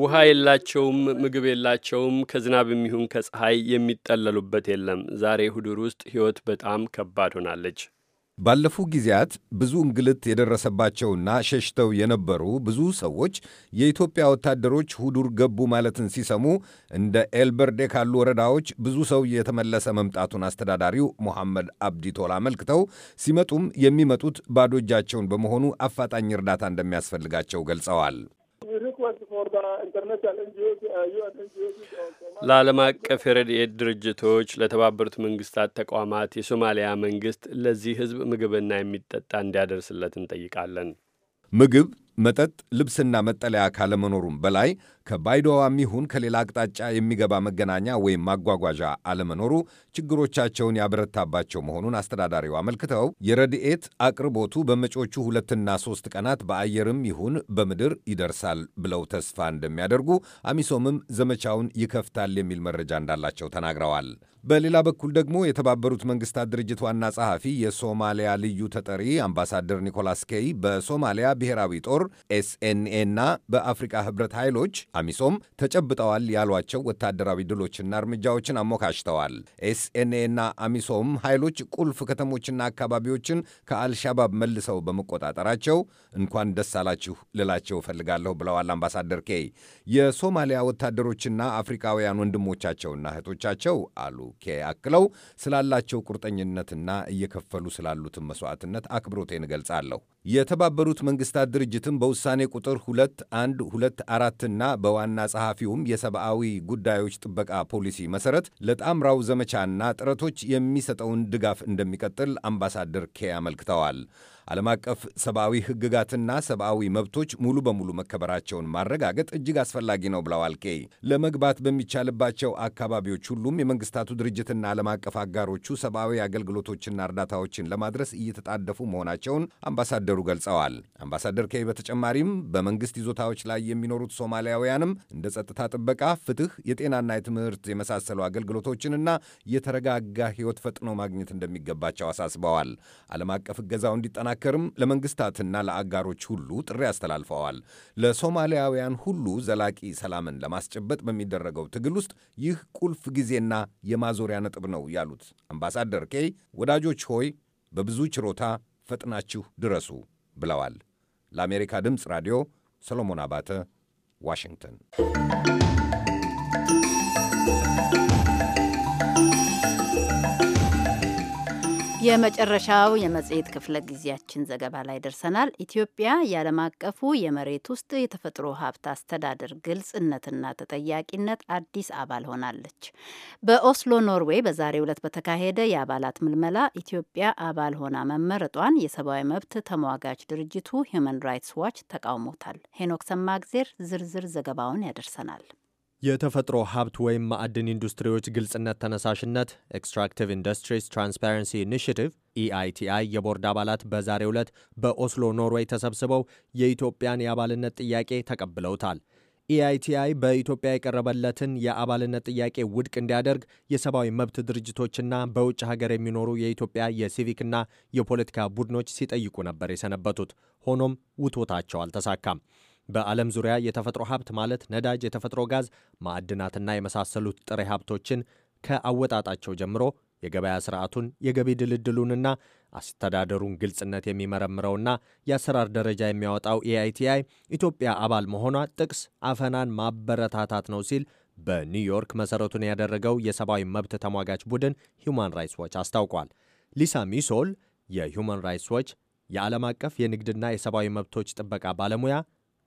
ውሃ የላቸውም፣ ምግብ የላቸውም። ከዝናብ የሚሆን ከፀሐይ የሚጠለሉበት የለም። ዛሬ ሁዱር ውስጥ ሕይወት በጣም ከባድ ሆናለች። ባለፉ ጊዜያት ብዙ እንግልት የደረሰባቸውና ሸሽተው የነበሩ ብዙ ሰዎች የኢትዮጵያ ወታደሮች ሁዱር ገቡ ማለትን ሲሰሙ እንደ ኤልበርዴ ካሉ ወረዳዎች ብዙ ሰው የተመለሰ መምጣቱን አስተዳዳሪው ሞሐመድ አብዲ ቶላ አመልክተው ሲመጡም የሚመጡት ባዶ እጃቸውን በመሆኑ አፋጣኝ እርዳታ እንደሚያስፈልጋቸው ገልጸዋል። ለዓለም አቀፍ የረድኤት ድርጅቶች፣ ለተባበሩት መንግስታት ተቋማት የሶማሊያ መንግስት ለዚህ ህዝብ ምግብና የሚጠጣ እንዲያደርስለት እንጠይቃለን። ምግብ መጠጥ፣ ልብስና መጠለያ ካለመኖሩም በላይ ከባይዶዋም ይሁን ከሌላ አቅጣጫ የሚገባ መገናኛ ወይም ማጓጓዣ አለመኖሩ ችግሮቻቸውን ያበረታባቸው መሆኑን አስተዳዳሪው አመልክተው የረድኤት አቅርቦቱ በመጪዎቹ ሁለትና ሶስት ቀናት በአየርም ይሁን በምድር ይደርሳል ብለው ተስፋ እንደሚያደርጉ አሚሶምም ዘመቻውን ይከፍታል የሚል መረጃ እንዳላቸው ተናግረዋል። በሌላ በኩል ደግሞ የተባበሩት መንግስታት ድርጅት ዋና ጸሐፊ የሶማሊያ ልዩ ተጠሪ አምባሳደር ኒኮላስ ኬይ በሶማሊያ ብሔራዊ ጦር ጦር ኤስኤንኤ እና በአፍሪካ ህብረት ኃይሎች አሚሶም ተጨብጠዋል ያሏቸው ወታደራዊ ድሎችና እርምጃዎችን አሞካሽተዋል። ኤስኤንኤ እና አሚሶም ኃይሎች ቁልፍ ከተሞችና አካባቢዎችን ከአልሻባብ መልሰው በመቆጣጠራቸው እንኳን ደስ አላችሁ ልላቸው እፈልጋለሁ ብለዋል አምባሳደር ኬይ። የሶማሊያ ወታደሮችና አፍሪካውያን ወንድሞቻቸውና እህቶቻቸው አሉ ኬይ አክለው ስላላቸው ቁርጠኝነትና እየከፈሉ ስላሉትን መስዋዕትነት አክብሮቴን እገልጻለሁ። የተባበሩት መንግስታት ድርጅትም በውሳኔ ቁጥር 2124 አራትና በዋና ጸሐፊውም የሰብአዊ ጉዳዮች ጥበቃ ፖሊሲ መሰረት ለጣምራው ዘመቻና ጥረቶች የሚሰጠውን ድጋፍ እንደሚቀጥል አምባሳደር ኬ አመልክተዋል። ዓለም አቀፍ ሰብአዊ ሕግጋትና ሰብአዊ መብቶች ሙሉ በሙሉ መከበራቸውን ማረጋገጥ እጅግ አስፈላጊ ነው ብለዋል ኬይ። ለመግባት በሚቻልባቸው አካባቢዎች ሁሉም የመንግስታቱ ድርጅትና ዓለም አቀፍ አጋሮቹ ሰብአዊ አገልግሎቶችና እርዳታዎችን ለማድረስ እየተጣደፉ መሆናቸውን አምባሳደሩ ገልጸዋል። አምባሳደር ኬይ በተጨማሪም በመንግስት ይዞታዎች ላይ የሚኖሩት ሶማሊያውያንም እንደ ጸጥታ ጥበቃ፣ ፍትህ፣ የጤናና የትምህርት የመሳሰሉ አገልግሎቶችንና የተረጋጋ ሕይወት ፈጥኖ ማግኘት እንደሚገባቸው አሳስበዋል። ዓለም አቀፍ እገዛው እንዲጠናከ እንዲጠናከርም ለመንግስታትና ለአጋሮች ሁሉ ጥሪ አስተላልፈዋል። ለሶማሊያውያን ሁሉ ዘላቂ ሰላምን ለማስጨበጥ በሚደረገው ትግል ውስጥ ይህ ቁልፍ ጊዜና የማዞሪያ ነጥብ ነው ያሉት አምባሳደር ኬይ ወዳጆች ሆይ በብዙ ችሮታ ፈጥናችሁ ድረሱ ብለዋል። ለአሜሪካ ድምፅ ራዲዮ ሰሎሞን አባተ ዋሽንግተን የመጨረሻው የመጽሔት ክፍለ ጊዜያችን ዘገባ ላይ ደርሰናል። ኢትዮጵያ የዓለም አቀፉ የመሬት ውስጥ የተፈጥሮ ሀብት አስተዳደር ግልጽነትና ተጠያቂነት አዲስ አባል ሆናለች። በኦስሎ ኖርዌይ በዛሬው ዕለት በተካሄደ የአባላት ምልመላ ኢትዮጵያ አባል ሆና መመረጧን የሰብአዊ መብት ተሟጋች ድርጅቱ ሂዩማን ራይትስ ዋች ተቃውሞታል። ሄኖክ ሰማእግዜር ዝርዝር ዘገባውን ያደርሰናል። የተፈጥሮ ሀብት ወይም ማዕድን ኢንዱስትሪዎች ግልጽነት ተነሳሽነት ኤክስትራክቲቭ ኢንዱስትሪስ ትራንስፓረንሲ ኢኒሽቲቭ ኢአይቲአይ የቦርድ አባላት በዛሬው ዕለት በኦስሎ ኖርዌይ ተሰብስበው የኢትዮጵያን የአባልነት ጥያቄ ተቀብለውታል። ኢአይቲአይ e በኢትዮጵያ የቀረበለትን የአባልነት ጥያቄ ውድቅ እንዲያደርግ የሰብአዊ መብት ድርጅቶችና በውጭ ሀገር የሚኖሩ የኢትዮጵያ የሲቪክና የፖለቲካ ቡድኖች ሲጠይቁ ነበር የሰነበቱት። ሆኖም ውትወታቸው አልተሳካም። በዓለም ዙሪያ የተፈጥሮ ሀብት ማለት ነዳጅ፣ የተፈጥሮ ጋዝ፣ ማዕድናትና የመሳሰሉት ጥሬ ሀብቶችን ከአወጣጣቸው ጀምሮ የገበያ ስርዓቱን የገቢ ድልድሉንና አስተዳደሩን ግልጽነት የሚመረምረውና የአሰራር ደረጃ የሚያወጣው ኤአይቲአይ ኢትዮጵያ አባል መሆኗ ጥቅስ አፈናን ማበረታታት ነው ሲል በኒውዮርክ መሠረቱን ያደረገው የሰብአዊ መብት ተሟጋች ቡድን ሂውማን ራይትስ ዎች አስታውቋል። ሊሳ ሚሶል የሁማን ራይትስ ዎች የዓለም አቀፍ የንግድና የሰብአዊ መብቶች ጥበቃ ባለሙያ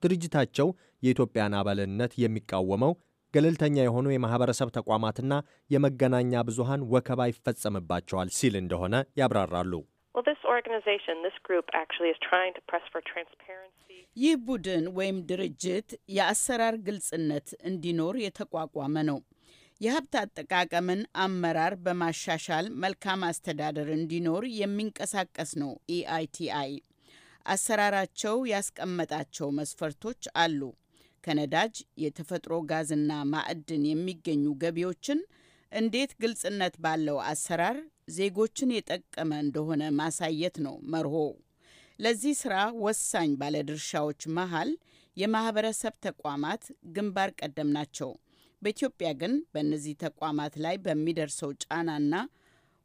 ድርጅታቸው የኢትዮጵያን አባልነት የሚቃወመው ገለልተኛ የሆኑ የማኅበረሰብ ተቋማትና የመገናኛ ብዙሃን ወከባ ይፈጸምባቸዋል ሲል እንደሆነ ያብራራሉ። ይህ ቡድን ወይም ድርጅት የአሰራር ግልጽነት እንዲኖር የተቋቋመ ነው። የሀብት አጠቃቀምን አመራር በማሻሻል መልካም አስተዳደር እንዲኖር የሚንቀሳቀስ ነው ኢአይቲአይ። አሰራራቸው ያስቀመጣቸው መስፈርቶች አሉ። ከነዳጅ የተፈጥሮ ጋዝና ማዕድን የሚገኙ ገቢዎችን እንዴት ግልጽነት ባለው አሰራር ዜጎችን የጠቀመ እንደሆነ ማሳየት ነው መርሆ። ለዚህ ስራ ወሳኝ ባለድርሻዎች መሃል የማህበረሰብ ተቋማት ግንባር ቀደም ናቸው። በኢትዮጵያ ግን በእነዚህ ተቋማት ላይ በሚደርሰው ጫናና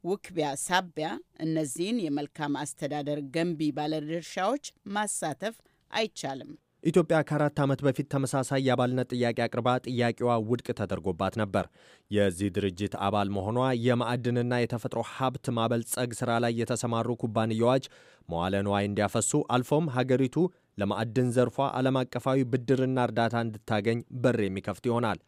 ውክቢያ ሳቢያ እነዚህን የመልካም አስተዳደር ገንቢ ባለድርሻዎች ማሳተፍ አይቻልም። ኢትዮጵያ ከአራት ዓመት በፊት ተመሳሳይ የአባልነት ጥያቄ አቅርባ ጥያቄዋ ውድቅ ተደርጎባት ነበር። የዚህ ድርጅት አባል መሆኗ የማዕድንና የተፈጥሮ ሀብት ማበልጸግ ሥራ ላይ የተሰማሩ ኩባንያዎች መዋለ ንዋይ እንዲያፈሱ አልፎም ሀገሪቱ ለማዕድን ዘርፏ ዓለም አቀፋዊ ብድርና እርዳታ እንድታገኝ በር የሚከፍት ይሆናል።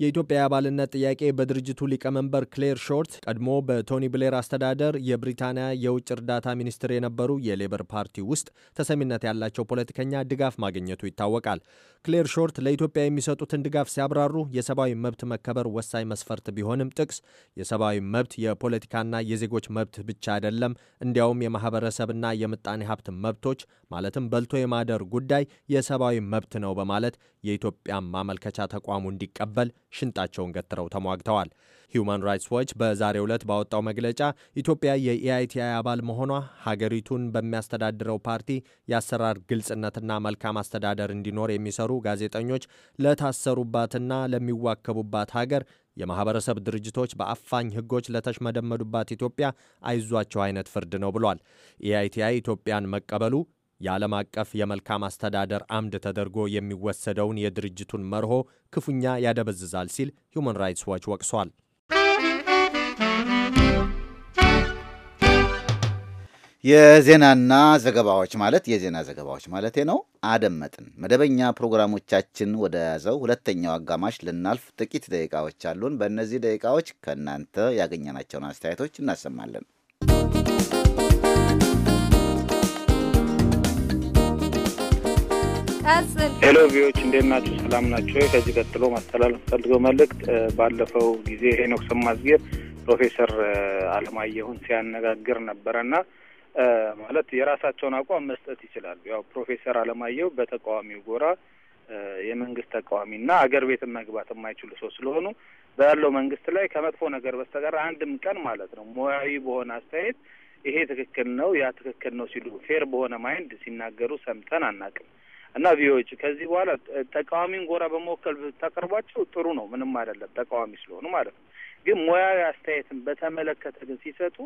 የኢትዮጵያ የአባልነት ጥያቄ በድርጅቱ ሊቀመንበር ክሌር ሾርት ቀድሞ በቶኒ ብሌር አስተዳደር የብሪታንያ የውጭ እርዳታ ሚኒስትር የነበሩ የሌበር ፓርቲ ውስጥ ተሰሚነት ያላቸው ፖለቲከኛ ድጋፍ ማግኘቱ ይታወቃል። ክሌር ሾርት ለኢትዮጵያ የሚሰጡትን ድጋፍ ሲያብራሩ የሰብአዊ መብት መከበር ወሳኝ መስፈርት ቢሆንም ጥቅስ የሰብአዊ መብት የፖለቲካና የዜጎች መብት ብቻ አይደለም፣ እንዲያውም የማህበረሰብና የምጣኔ ሀብት መብቶች ማለትም በልቶ የማደር ጉዳይ የሰብአዊ መብት ነው በማለት የኢትዮጵያ ማመልከቻ ተቋሙ እንዲቀበል ሽንጣቸውን ገትረው ተሟግተዋል። ሂዩማን ራይትስ ዎች በዛሬ ዕለት ባወጣው መግለጫ ኢትዮጵያ የኢአይቲአይ አባል መሆኗ ሀገሪቱን በሚያስተዳድረው ፓርቲ የአሰራር ግልጽነትና መልካም አስተዳደር እንዲኖር የሚሰሩ ጋዜጠኞች ለታሰሩባትና ለሚዋከቡባት ሀገር የማህበረሰብ ድርጅቶች በአፋኝ ሕጎች ለተሽመደመዱባት ኢትዮጵያ አይዟቸው አይነት ፍርድ ነው ብሏል። ኢአይቲአይ ኢትዮጵያን መቀበሉ የዓለም አቀፍ የመልካም አስተዳደር አምድ ተደርጎ የሚወሰደውን የድርጅቱን መርሆ ክፉኛ ያደበዝዛል ሲል ሁማን ራይትስ ዋች ወቅሷል። የዜናና ዘገባዎች ማለት የዜና ዘገባዎች ማለቴ ነው። አደመጥን። መደበኛ ፕሮግራሞቻችን ወደ ያዘው ሁለተኛው አጋማሽ ልናልፍ ጥቂት ደቂቃዎች አሉን። በእነዚህ ደቂቃዎች ከእናንተ ያገኘናቸውን አስተያየቶች እናሰማለን። ሄሎ ቪዎች እንዴት ናችሁ? ሰላም ናቸው። ከዚህ ቀጥሎ ማስተላለፍ ፈልገው መልእክት ባለፈው ጊዜ ሄኖክ ሰማዝጌር ፕሮፌሰር አለማየሁን ሲያነጋግር ነበረና ማለት የራሳቸውን አቋም መስጠት ይችላሉ። ያው ፕሮፌሰር አለማየሁ በተቃዋሚው ጎራ የመንግስት ተቃዋሚና አገር ቤትን መግባት የማይችሉ ሰው ስለሆኑ በያለው መንግስት ላይ ከመጥፎ ነገር በስተቀር አንድም ቀን ማለት ነው ሙያዊ በሆነ አስተያየት ይሄ ትክክል ነው ያ ትክክል ነው ሲሉ ፌር በሆነ ማይንድ ሲናገሩ ሰምተን አናውቅም። እና ቪዎች ከዚህ በኋላ ተቃዋሚን ጎራ በመወከል ተቀርቧቸው ጥሩ ነው። ምንም አይደለም፣ ተቃዋሚ ስለሆኑ ማለት ነው። ግን ሙያዊ አስተያየትን በተመለከተ ግን ሲሰጡ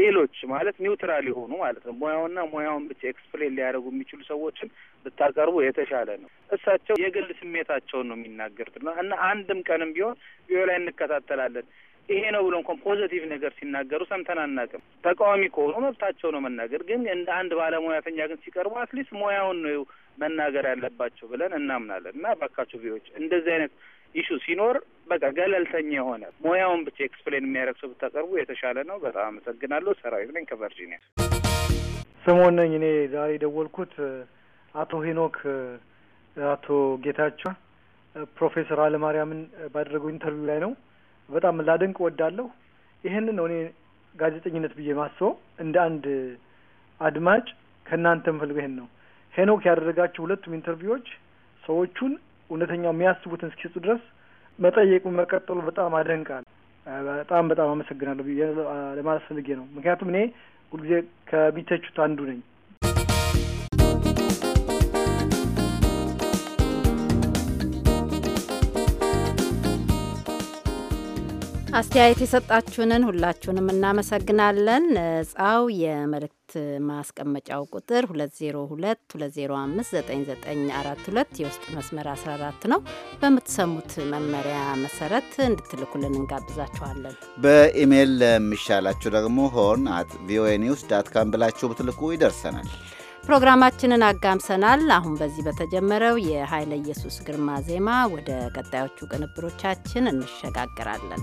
ሌሎች ማለት ኒውትራል የሆኑ ማለት ነው ሙያውና ሙያውን ብቻ ኤክስፕሌን ሊያደርጉ የሚችሉ ሰዎችን ብታቀርቡ የተሻለ ነው። እሳቸው የግል ስሜታቸውን ነው የሚናገሩት እና አንድም ቀንም ቢሆን ቪዮ ላይ እንከታተላለን ይሄ ነው ብሎ እንኳን ፖዘቲቭ ነገር ሲናገሩ ሰምተን አናውቅም። ተቃዋሚ ከሆኑ መብታቸው ነው መናገር፣ ግን እንደ አንድ ባለሙያተኛ ግን ሲቀርቡ አትሊስት ሙያውን ነው መናገር ያለባቸው ብለን እናምናለን እና ባካቸው ቪዎች እንደዚህ አይነት ኢሹ ሲኖር በቃ ገለልተኛ የሆነ ሙያውን ብቻ ኤክስፕሌን የሚያደርግ ሰው ብታቀርቡ የተሻለ ነው። በጣም አመሰግናለሁ። ሰራዊት ነኝ ከቨርጂኒያ ስምኦን ነኝ። እኔ ዛሬ የደወልኩት አቶ ሄኖክ፣ አቶ ጌታቸው፣ ፕሮፌሰር አለማርያምን ባደረገው ኢንተርቪው ላይ ነው። በጣም ላደንቅ ወዳለሁ። ይህን ነው እኔ ጋዜጠኝነት ብዬ ማስበው እንደ አንድ አድማጭ ከእናንተ ምፈልገው ይህን ነው ሄኖክ ያደረጋቸው ሁለቱም ኢንተርቪዎች ሰዎቹን እውነተኛው የሚያስቡትን እስኪሰጡ ድረስ መጠየቁ መቀጠሉ በጣም አደንቃል። በጣም በጣም አመሰግናለሁ ለማለት ፈልጌ ነው። ምክንያቱም እኔ ሁልጊዜ ከሚተቹት አንዱ ነኝ። አስተያየት የሰጣችሁንን ሁላችሁንም እናመሰግናለን። ነጻው የመልእክት ማስቀመጫው ቁጥር 2022059942 የውስጥ መስመር 14 ነው። በምትሰሙት መመሪያ መሰረት እንድትልኩልን እንጋብዛችኋለን። በኢሜይል ለሚሻላችሁ ደግሞ ሆን አት ቪኦኤ ኒውስ ዳት ካም ብላችሁ ብትልኩ ይደርሰናል። ፕሮግራማችንን አጋምሰናል። አሁን በዚህ በተጀመረው የኃይለ ኢየሱስ ግርማ ዜማ ወደ ቀጣዮቹ ቅንብሮቻችን እንሸጋግራለን።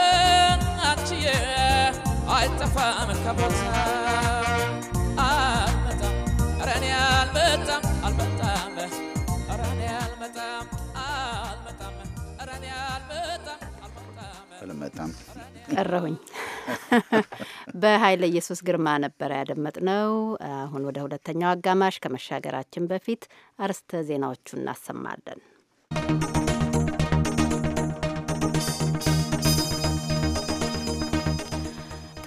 አይጠፋም ከቦታ አልመጣም፣ ኧረ እኔ አልመጣም፣ አልመጣም፣ ኧረ እኔ አልመጣም፣ አልመጣም፣ ኧረ እኔ አልመጣም፣ አልመጣም ቀረሁኝ። በኃይለ ኢየሱስ ግርማ ነበረ ያደመጥነው። አሁን ወደ ሁለተኛው አጋማሽ ከመሻገራችን በፊት አርስተ ዜናዎቹ እናሰማለን።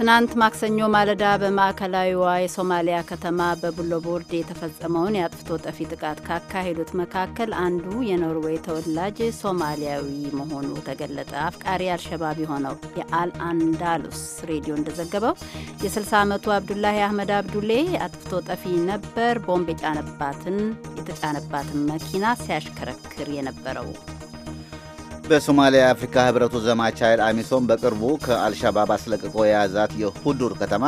ትናንት ማክሰኞ ማለዳ በማዕከላዊዋ የሶማሊያ ከተማ በቡሎ ቦርዴ የተፈጸመውን የአጥፍቶ ጠፊ ጥቃት ካካሄዱት መካከል አንዱ የኖርዌይ ተወላጅ ሶማሊያዊ መሆኑ ተገለጠ። አፍቃሪ አልሸባብ የሆነው የአልአንዳሉስ ሬዲዮ እንደዘገበው የ60 ዓመቱ አብዱላሂ አህመድ አብዱሌ አጥፍቶ ጠፊ ነበር ቦምብ የጫነባትን የተጫነባትን መኪና ሲያሽከረክር የነበረው። በሶማሊያ የአፍሪካ ህብረቱ ዘማች ኃይል አሚሶም በቅርቡ ከአልሻባብ አስለቅቆ የያዛት የሁዱር ከተማ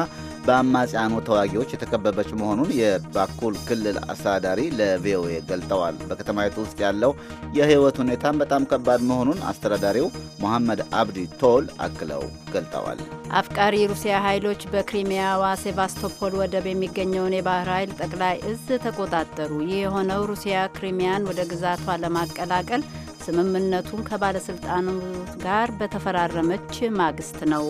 በአማጽያኑ ተዋጊዎች የተከበበች መሆኑን የባኩል ክልል አስተዳዳሪ ለቪኦኤ ገልጠዋል። በከተማይቱ ውስጥ ያለው የህይወት ሁኔታም በጣም ከባድ መሆኑን አስተዳዳሪው ሞሐመድ አብዲ ቶል አክለው ገልጠዋል። አፍቃሪ ሩሲያ ኃይሎች በክሪሚያዋ ሴቫስቶፖል ወደብ የሚገኘውን የባህር ኃይል ጠቅላይ እዝ ተቆጣጠሩ። ይህ የሆነው ሩሲያ ክሪሚያን ወደ ግዛቷ ለማቀላቀል ስምምነቱን ከባለስልጣኑ ጋር በተፈራረመች ማግስት ነው።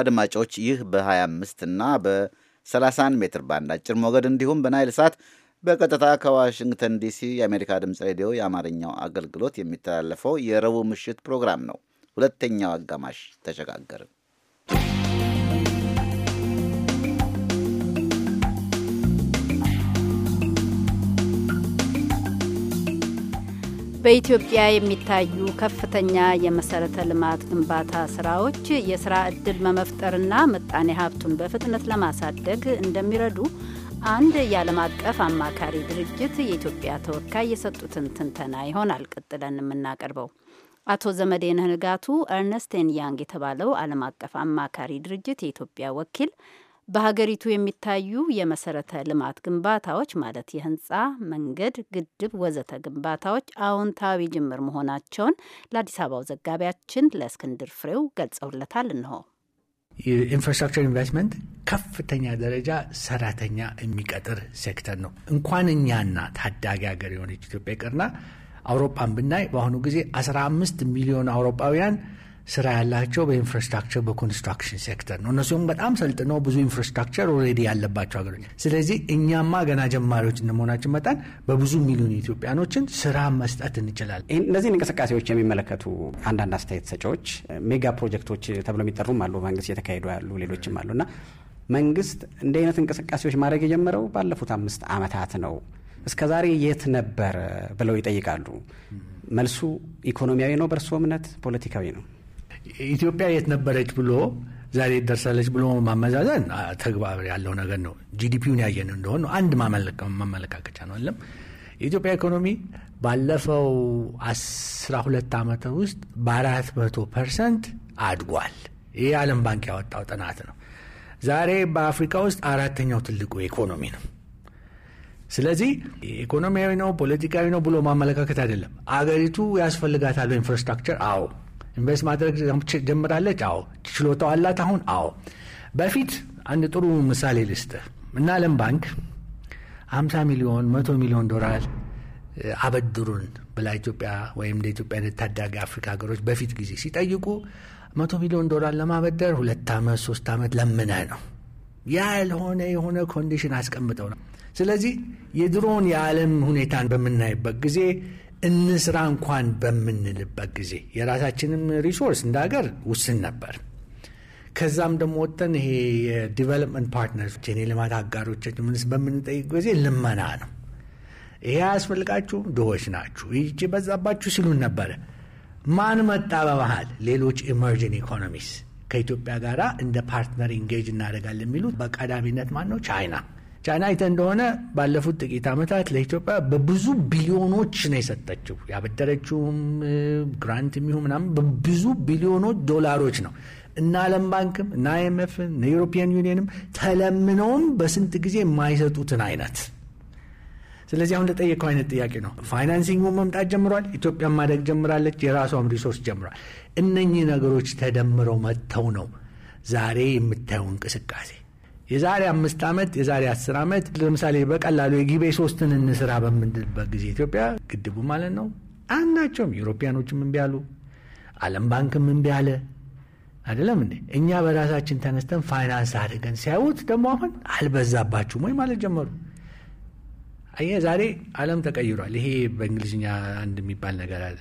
አድማጮች ይህ በ25 እና በ31 ሜትር ባንድ አጭር ሞገድ እንዲሁም በናይል ሳት በቀጥታ ከዋሽንግተን ዲሲ የአሜሪካ ድምፅ ሬዲዮ የአማርኛው አገልግሎት የሚተላለፈው የረቡዕ ምሽት ፕሮግራም ነው። ሁለተኛው አጋማሽ ተሸጋገርን። በኢትዮጵያ የሚታዩ ከፍተኛ የመሰረተ ልማት ግንባታ ስራዎች የስራ እድል በመፍጠርና ምጣኔ ሀብቱን በፍጥነት ለማሳደግ እንደሚረዱ አንድ የዓለም አቀፍ አማካሪ ድርጅት የኢትዮጵያ ተወካይ የሰጡትን ትንተና ይሆናል ቀጥለን የምናቀርበው። አቶ ዘመዴነህ ንጋቱ እርነስት ያንግ የተባለው ዓለም አቀፍ አማካሪ ድርጅት የኢትዮጵያ ወኪል በሀገሪቱ የሚታዩ የመሰረተ ልማት ግንባታዎች ማለት የህንፃ፣ መንገድ፣ ግድብ፣ ወዘተ ግንባታዎች አዎንታዊ ጅምር መሆናቸውን ለአዲስ አበባው ዘጋቢያችን ለእስክንድር ፍሬው ገልጸውለታል። እንሆ የኢንፍራስትራክቸር ኢንቨስትመንት ከፍተኛ ደረጃ ሰራተኛ የሚቀጥር ሴክተር ነው። እንኳን እኛና ታዳጊ ሀገር የሆነች ኢትዮጵያ ይቅርና አውሮፓን ብናይ በአሁኑ ጊዜ 15 ሚሊዮን አውሮፓውያን ስራ ያላቸው በኢንፍራስትራክቸር በኮንስትራክሽን ሴክተር ነው። እነሱም በጣም ሰልጥነው ብዙ ኢንፍራስትራክቸር ኦልሬዲ ያለባቸው ሀገሮች። ስለዚህ እኛማ ገና ጀማሪዎች እንደመሆናችን መጠን በብዙ ሚሊዮን ኢትዮጵያኖችን ስራ መስጠት እንችላለን። እነዚህን እንቅስቃሴዎች የሚመለከቱ አንዳንድ አስተያየት ሰጫዎች ሜጋ ፕሮጀክቶች ተብሎ የሚጠሩም አሉ፣ መንግስት እየተካሄዱ ያሉ ሌሎችም አሉና መንግስት እንደ አይነት እንቅስቃሴዎች ማድረግ የጀመረው ባለፉት አምስት ዓመታት ነው እስከ ዛሬ የት ነበር ብለው ይጠይቃሉ። መልሱ ኢኮኖሚያዊ ነው በእርስዎ እምነት? ፖለቲካዊ ነው? ኢትዮጵያ የት ነበረች ብሎ ዛሬ ደርሳለች ብሎ ማመዛዘን ተግባር ያለው ነገር ነው። ጂዲፒውን ያየን እንደሆነ አንድ ማመለካከቻ ነው። አለም የኢትዮጵያ ኢኮኖሚ ባለፈው አስራ ሁለት ዓመት ውስጥ በአራት መቶ ፐርሰንት አድጓል። ይህ የዓለም ባንክ ያወጣው ጥናት ነው። ዛሬ በአፍሪካ ውስጥ አራተኛው ትልቁ ኢኮኖሚ ነው። ስለዚህ ኢኮኖሚያዊ ነው ፖለቲካዊ ነው ብሎ ማመለካከት አይደለም። አገሪቱ ያስፈልጋታል ኢንፍራስትራክቸር አዎ ኢንቨስት ማድረግ ጀምራለች። አዎ ችሎታው አላት። አሁን አዎ በፊት አንድ ጥሩ ምሳሌ ልስጥህ እና ዓለም ባንክ 50 ሚሊዮን 100 ሚሊዮን ዶላር አበድሩን ብላ ኢትዮጵያ ወይም እንደ ኢትዮጵያ ታዳጊ አፍሪካ ሀገሮች በፊት ጊዜ ሲጠይቁ 100 ሚሊዮን ዶላር ለማበደር ሁለት ዓመት ሶስት ዓመት ለምነ ነው ያልሆነ የሆነ ኮንዲሽን አስቀምጠው ነው። ስለዚህ የድሮውን የዓለም ሁኔታን በምናይበት ጊዜ እንስራ እንኳን በምንልበት ጊዜ የራሳችንም ሪሶርስ እንደ ሀገር ውስን ነበር። ከዛም ደግሞ ወጥተን ይሄ የዲቨሎፕመንት ፓርትነር የኔ ልማት አጋሮቻችን ምንስ በምንጠይቅ ጊዜ ልመና ነው። ይሄ አያስፈልጋችሁም፣ ድሆች ናችሁ፣ ይጭ በዛባችሁ ሲሉን ነበረ። ማን መጣ በመሃል? ሌሎች ኢመርጅን ኢኮኖሚስ ከኢትዮጵያ ጋር እንደ ፓርትነር ኢንጌጅ እናደርጋለን የሚሉት በቀዳሚነት ማን ነው? ቻይና ቻይና አይተ እንደሆነ ባለፉት ጥቂት ዓመታት ለኢትዮጵያ በብዙ ቢሊዮኖች ነው የሰጠችው። ያበደረችውም ግራንት የሚሆን ምናምን በብዙ ቢሊዮኖች ዶላሮች ነው እና ዓለም ባንክም እና አይኤምኤፍም ዩሮፒያን ዩኒየንም ተለምነውም በስንት ጊዜ የማይሰጡትን አይነት ስለዚህ አሁን ለጠየቀው አይነት ጥያቄ ነው። ፋይናንሲንግ መምጣት ጀምሯል። ኢትዮጵያ ማደግ ጀምራለች። የራሷም ሪሶርስ ጀምሯል። እነኚህ ነገሮች ተደምረው መጥተው ነው ዛሬ የምታየው እንቅስቃሴ የዛሬ አምስት ዓመት የዛሬ አስር ዓመት ለምሳሌ በቀላሉ የጊቤ ሶስትን እንስራ በምንልበት ጊዜ ኢትዮጵያ ግድቡ ማለት ነው አናቸውም። ዩሮፒያኖችም እምቢ አሉ፣ ዓለም ባንክም እምቢ አለ። አይደለም እንዴ? እኛ በራሳችን ተነስተን ፋይናንስ አድርገን ሲያዩት ደግሞ አሁን አልበዛባችሁም ወይ ማለት ጀመሩ። አየህ ዛሬ ዓለም ተቀይሯል። ይሄ በእንግሊዝኛ አንድ የሚባል ነገር አለ፣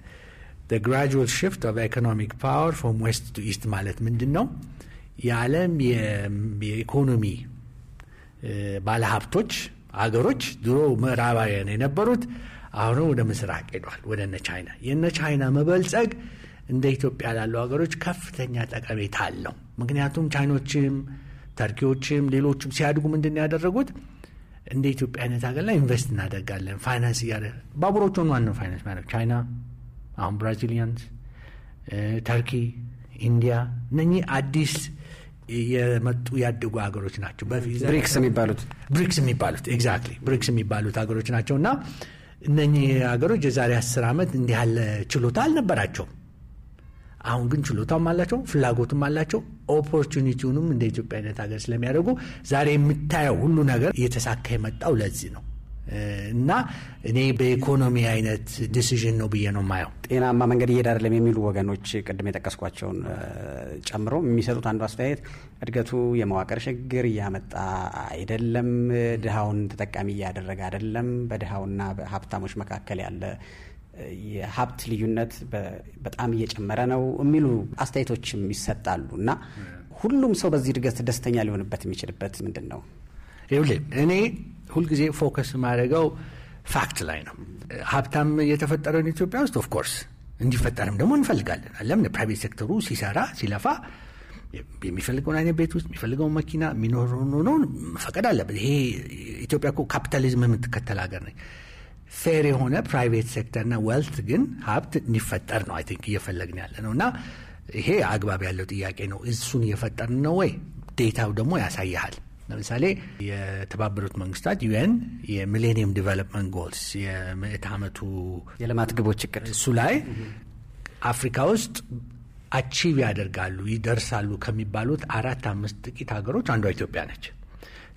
ግራጁዋል ሽፍት ኦፍ ኢኮኖሚክ ፓወር ፍሮም ዌስት ቱ ኢስት ማለት ምንድን ነው? የዓለም የኢኮኖሚ ባለሀብቶች አገሮች ድሮ ምዕራባውያን የነበሩት አሁንም ወደ ምስራቅ ሄዷል፣ ወደ እነ ቻይና። የእነ ቻይና መበልጸግ እንደ ኢትዮጵያ ላሉ ሀገሮች ከፍተኛ ጠቀሜታ አለው። ምክንያቱም ቻይኖችም ተርኪዎችም ሌሎችም ሲያድጉ ምንድን ያደረጉት እንደ ኢትዮጵያ አይነት ሀገር ላይ ኢንቨስት እናደርጋለን ፋይናንስ እያደ ባቡሮቹን ዋናው ፋይናንስ ማለት ቻይና፣ አሁን ብራዚሊያንስ፣ ተርኪ፣ ኢንዲያ እነኚህ አዲስ የመጡ ያደጉ ሀገሮች ናቸው። ብሪክስ የሚባሉት ብሪክስ የሚባሉት ኤግዛክትሊ ብሪክስ የሚባሉት ሀገሮች ናቸው እና እነኚህ ሀገሮች የዛሬ አስር ዓመት እንዲህ ያለ ችሎታ አልነበራቸውም። አሁን ግን ችሎታም አላቸው፣ ፍላጎትም አላቸው። ኦፖርቹኒቲውንም እንደ ኢትዮጵያ አይነት ሀገር ስለሚያደርጉ ዛሬ የምታየው ሁሉ ነገር እየተሳካ የመጣው ለዚህ ነው። እና እኔ በኢኮኖሚ አይነት ዲሲዥን ነው ብዬ ነው ማየው ጤናማ መንገድ እየሄድ አይደለም የሚሉ ወገኖች ቅድም የጠቀስኳቸውን ጨምሮ የሚሰጡት አንዱ አስተያየት እድገቱ የመዋቅር ችግር እያመጣ አይደለም፣ ድሃውን ተጠቃሚ እያደረገ አይደለም፣ በድሃውና በሀብታሞች መካከል ያለ የሀብት ልዩነት በጣም እየጨመረ ነው የሚሉ አስተያየቶችም ይሰጣሉ እና ሁሉም ሰው በዚህ እድገት ደስተኛ ሊሆንበት የሚችልበት ምንድን ነው? ይኸውልህ እኔ ሁልጊዜ ፎከስ የማደርገው ፋክት ላይ ነው። ሀብታም የተፈጠረን ኢትዮጵያ ውስጥ ኦፍኮርስ እንዲፈጠርም ደግሞ እንፈልጋለን። ለምን ፕራይቬት ሴክተሩ ሲሰራ ሲለፋ የሚፈልገውን አይነት ቤት ውስጥ የሚፈልገውን መኪና የሚኖረውን መፈቀድ አለበት። ይሄ ኢትዮጵያ እኮ ካፒታሊዝም የምትከተል ሀገር ነች። ፌር የሆነ ፕራይቬት ሴክተርና ዌልት ግን ሀብት እንዲፈጠር ነው አይ ቲንክ እየፈለግን ያለ ነው እና ይሄ አግባብ ያለው ጥያቄ ነው። እሱን እየፈጠርን ነው ወይ? ዴታው ደግሞ ያሳይሃል። ለምሳሌ የተባበሩት መንግስታት ዩኤን የሚሌኒየም ዲቨሎፕመንት ጎልስ የምዕት ዓመቱ የልማት ግቦች እቅድ እሱ ላይ አፍሪካ ውስጥ አቺቭ ያደርጋሉ ይደርሳሉ ከሚባሉት አራት አምስት ጥቂት ሀገሮች አንዷ ኢትዮጵያ ነች።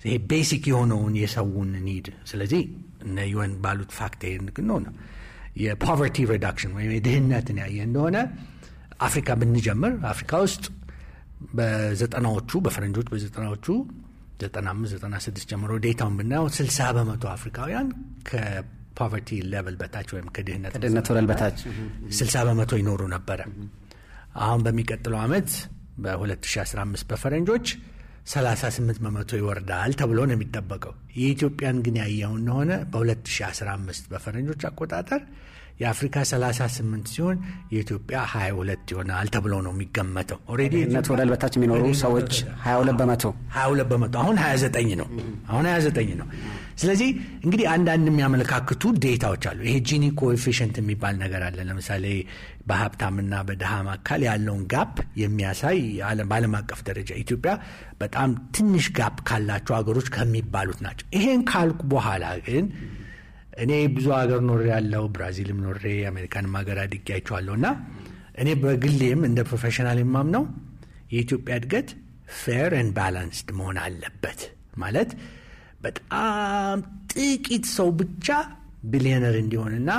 ይሄ ቤሲክ የሆነውን የሰውን ኒድ ስለዚህ እነ ዩኤን ባሉት ፋክት ነው ነው የፖቨርቲ ሪዳክሽን ወይም የድህነትን ያየ እንደሆነ አፍሪካ ብንጀምር አፍሪካ ውስጥ በዘጠናዎቹ በፈረንጆች በዘጠናዎቹ 9596 ጀምሮ ዴታውን ብናየው 60 በመቶ አፍሪካውያን ከፖቨርቲ ሌቨል በታች ወይም ከድህነት ወለል በታች 60 በመቶ ይኖሩ ነበረ። አሁን በሚቀጥለው ዓመት በ2015 በፈረንጆች 38 በመቶ ይወርዳል ተብሎ ነው የሚጠበቀው። የኢትዮጵያን ግን ያየው እንደሆነ በ2015 በፈረንጆች አቆጣጠር የአፍሪካ 38 ሲሆን የኢትዮጵያ 22 ይሆናል ተብሎ ነው የሚገመተው። ኦልሬዲ ወደ ልበታች የሚኖሩ ሰዎች 22 በመቶ 22 በመቶ አሁን 29 ነው አሁን 29 ነው። ስለዚህ እንግዲህ አንዳንድ የሚያመለካክቱ ዴታዎች አሉ። ይሄ ጂኒ ኮኤፊሽንት የሚባል ነገር አለ። ለምሳሌ በሀብታምና በድሃ መካከል ያለውን ጋፕ የሚያሳይ በዓለም አቀፍ ደረጃ ኢትዮጵያ በጣም ትንሽ ጋፕ ካላቸው ሀገሮች ከሚባሉት ናቸው። ይሄን ካልኩ በኋላ ግን እኔ ብዙ ሀገር ኖሬ ያለው ብራዚልም ኖሬ አሜሪካንም ሀገር አድጌያቸዋለሁ እና እኔ በግሌም እንደ ፕሮፌሽናል የማምነው የኢትዮጵያ እድገት ፌር ን ባላንስድ መሆን አለበት። ማለት በጣም ጥቂት ሰው ብቻ ቢሊዮነር እንዲሆንና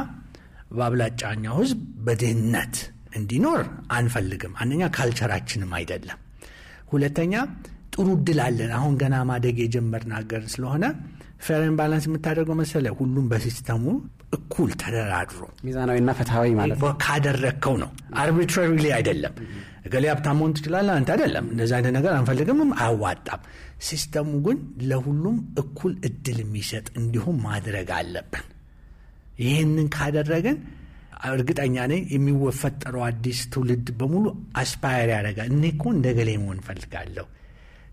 በአብላጫኛው ህዝብ በድህነት እንዲኖር አንፈልግም። አንደኛ ካልቸራችንም አይደለም። ሁለተኛ ጥሩ እድል አለን። አሁን ገና ማደግ የጀመርን ሀገር ስለሆነ ፌርን ባላንስ የምታደርገው መሰለ ሁሉም በሲስተሙ እኩል ተደራድሮ ሚዛናዊና ፍትሐዊ ማለት ካደረግከው ነው። አርቢትራሪሊ አይደለም። እገሌ ሀብታም ትችላለህ አንተ አይደለም። እንደዚ አይነት ነገር አንፈልግምም፣ አያዋጣም። ሲስተሙ ግን ለሁሉም እኩል እድል የሚሰጥ እንዲሁም ማድረግ አለብን። ይህንን ካደረገን እርግጠኛ ነኝ የሚፈጠረው አዲስ ትውልድ በሙሉ አስፓየር ያደርጋል። እኔ እኮ እንደ ገሌ መሆን እፈልጋለሁ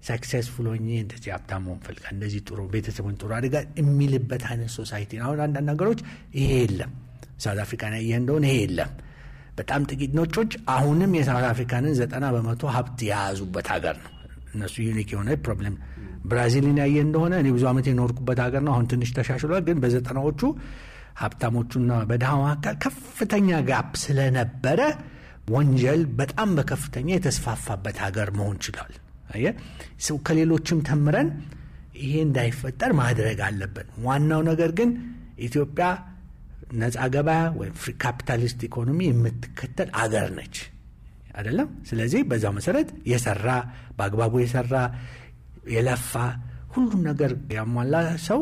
ሰክሰስፉል ሆኜ እንደዚህ ሀብታም መሆን ፈልጋ እንደዚህ ጥሩ ቤተሰቡን ጥሩ አድጋ የሚልበት አይነት ሶሳይቲ አሁን አንዳንድ ነገሮች ይሄ የለም። ሳውት አፍሪካን ያየህ እንደሆነ ይሄ የለም። በጣም ጥቂት ነጮች አሁንም የሳውት አፍሪካንን ዘጠና በመቶ ሀብት የያዙበት ሀገር ነው። እነሱ ዩኒክ የሆነ ፕሮብሌም ብራዚልን ያየ እንደሆነ እኔ ብዙ ዓመት የኖርኩበት ሀገር ነው። አሁን ትንሽ ተሻሽሏል። ግን በዘጠናዎቹ ሀብታሞቹና በድሃ መካከል ከፍተኛ ጋፕ ስለነበረ ወንጀል በጣም በከፍተኛ የተስፋፋበት ሀገር መሆን ችሏል። አየ ሰው ከሌሎችም ተምረን ይሄ እንዳይፈጠር ማድረግ አለብን። ዋናው ነገር ግን ኢትዮጵያ ነጻ ገበያ ወይም ፍሪ ካፒታሊስት ኢኮኖሚ የምትከተል አገር ነች አይደለም። ስለዚህ በዛው መሰረት የሰራ በአግባቡ የሰራ የለፋ ሁሉም ነገር ያሟላ ሰው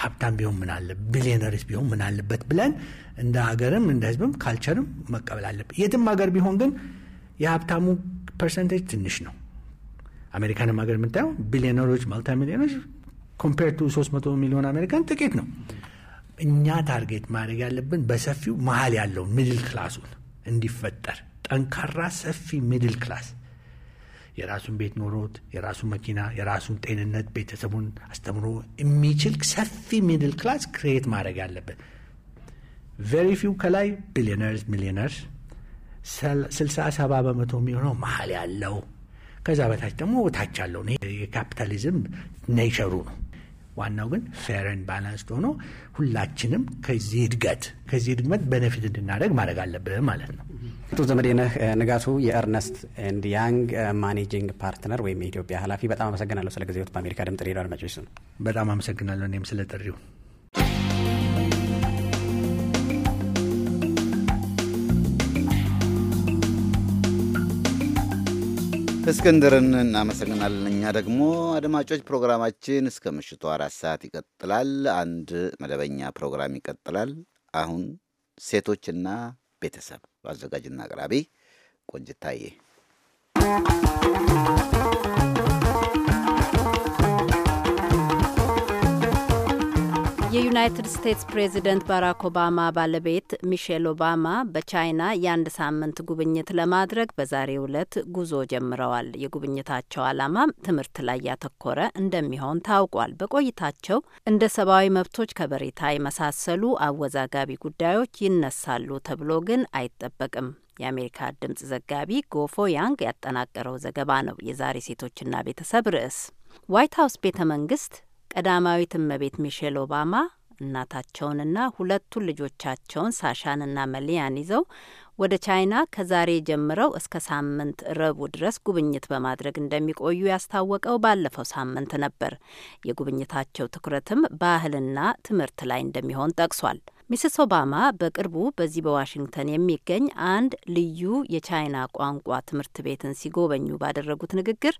ሀብታም ቢሆን ምን አለ ቢሊዮነርስ ቢሆን ምን አለበት ብለን እንደ ሀገርም እንደ ህዝብም ካልቸርም መቀበል አለብን። የትም ሀገር ቢሆን ግን የሀብታሙ ፐርሰንቴጅ ትንሽ ነው። አሜሪካንም ሀገር የምታየው ቢሊዮነሮች ማልታ ሚሊዮኖች ኮምፔር ቱ 300 ሚሊዮን አሜሪካን ጥቂት ነው። እኛ ታርጌት ማድረግ ያለብን በሰፊው መሀል ያለው ሚድል ክላሱን እንዲፈጠር ጠንካራ ሰፊ ሚድል ክላስ የራሱን ቤት ኖሮት የራሱን መኪና የራሱን ጤንነት ቤተሰቡን አስተምሮ የሚችል ሰፊ ሚድል ክላስ ክሬት ማድረግ ያለብን። ቨሪ ፊው ከላይ ቢሊዮነርስ ሚሊዮነርስ ስልሳ ሰባ በመቶ የሚሆነው መሀል ያለው ከዛ በታች ደግሞ ታች አለው። የካፒታሊዝም ኔቸሩ ነው። ዋናው ግን ፌረን ባላንስድ ሆኖ ሁላችንም ከዚህ እድገት ከዚህ ድግመት በነፊት እንድናደርግ ማድረግ አለብን ማለት ነው። አቶ ዘመዴነህ ንጋቱ የእርነስት ኤንድ ያንግ ማኔጂንግ ፓርትነር ወይም የኢትዮጵያ ኃላፊ፣ በጣም አመሰግናለሁ ስለ ጊዜዎት በአሜሪካ ድምጽ ሬዲዮ አድማጮች ስም በጣም አመሰግናለሁ እኔም ስለ ጥሪው። እስክንድርን እናመሰግናለን። እኛ ደግሞ አድማጮች ፕሮግራማችን እስከ ምሽቱ አራት ሰዓት ይቀጥላል። አንድ መደበኛ ፕሮግራም ይቀጥላል። አሁን ሴቶችና ቤተሰብ አዘጋጅና አቅራቢ ቆንጅታዬ የዩናይትድ ስቴትስ ፕሬዚደንት ባራክ ኦባማ ባለቤት ሚሼል ኦባማ በቻይና የአንድ ሳምንት ጉብኝት ለማድረግ በዛሬው ዕለት ጉዞ ጀምረዋል። የጉብኝታቸው ዓላማም ትምህርት ላይ ያተኮረ እንደሚሆን ታውቋል። በቆይታቸው እንደ ሰብአዊ መብቶች ከበሬታ የመሳሰሉ አወዛጋቢ ጉዳዮች ይነሳሉ ተብሎ ግን አይጠበቅም። የአሜሪካ ድምጽ ዘጋቢ ጎፎ ያንግ ያጠናቀረው ዘገባ ነው። የዛሬ ሴቶችና ቤተሰብ ርዕስ ዋይት ሀውስ ቤተ መንግስት ቀዳማዊት እመቤት ሚሼል ኦባማ እናታቸውንና ሁለቱን ልጆቻቸውን ሳሻንና መሊያን ይዘው ወደ ቻይና ከዛሬ ጀምረው እስከ ሳምንት ረቡዕ ድረስ ጉብኝት በማድረግ እንደሚቆዩ ያስታወቀው ባለፈው ሳምንት ነበር። የጉብኝታቸው ትኩረትም ባህልና ትምህርት ላይ እንደሚሆን ጠቅሷል። ሚስስ ኦባማ በቅርቡ በዚህ በዋሽንግተን የሚገኝ አንድ ልዩ የቻይና ቋንቋ ትምህርት ቤትን ሲጎበኙ ባደረጉት ንግግር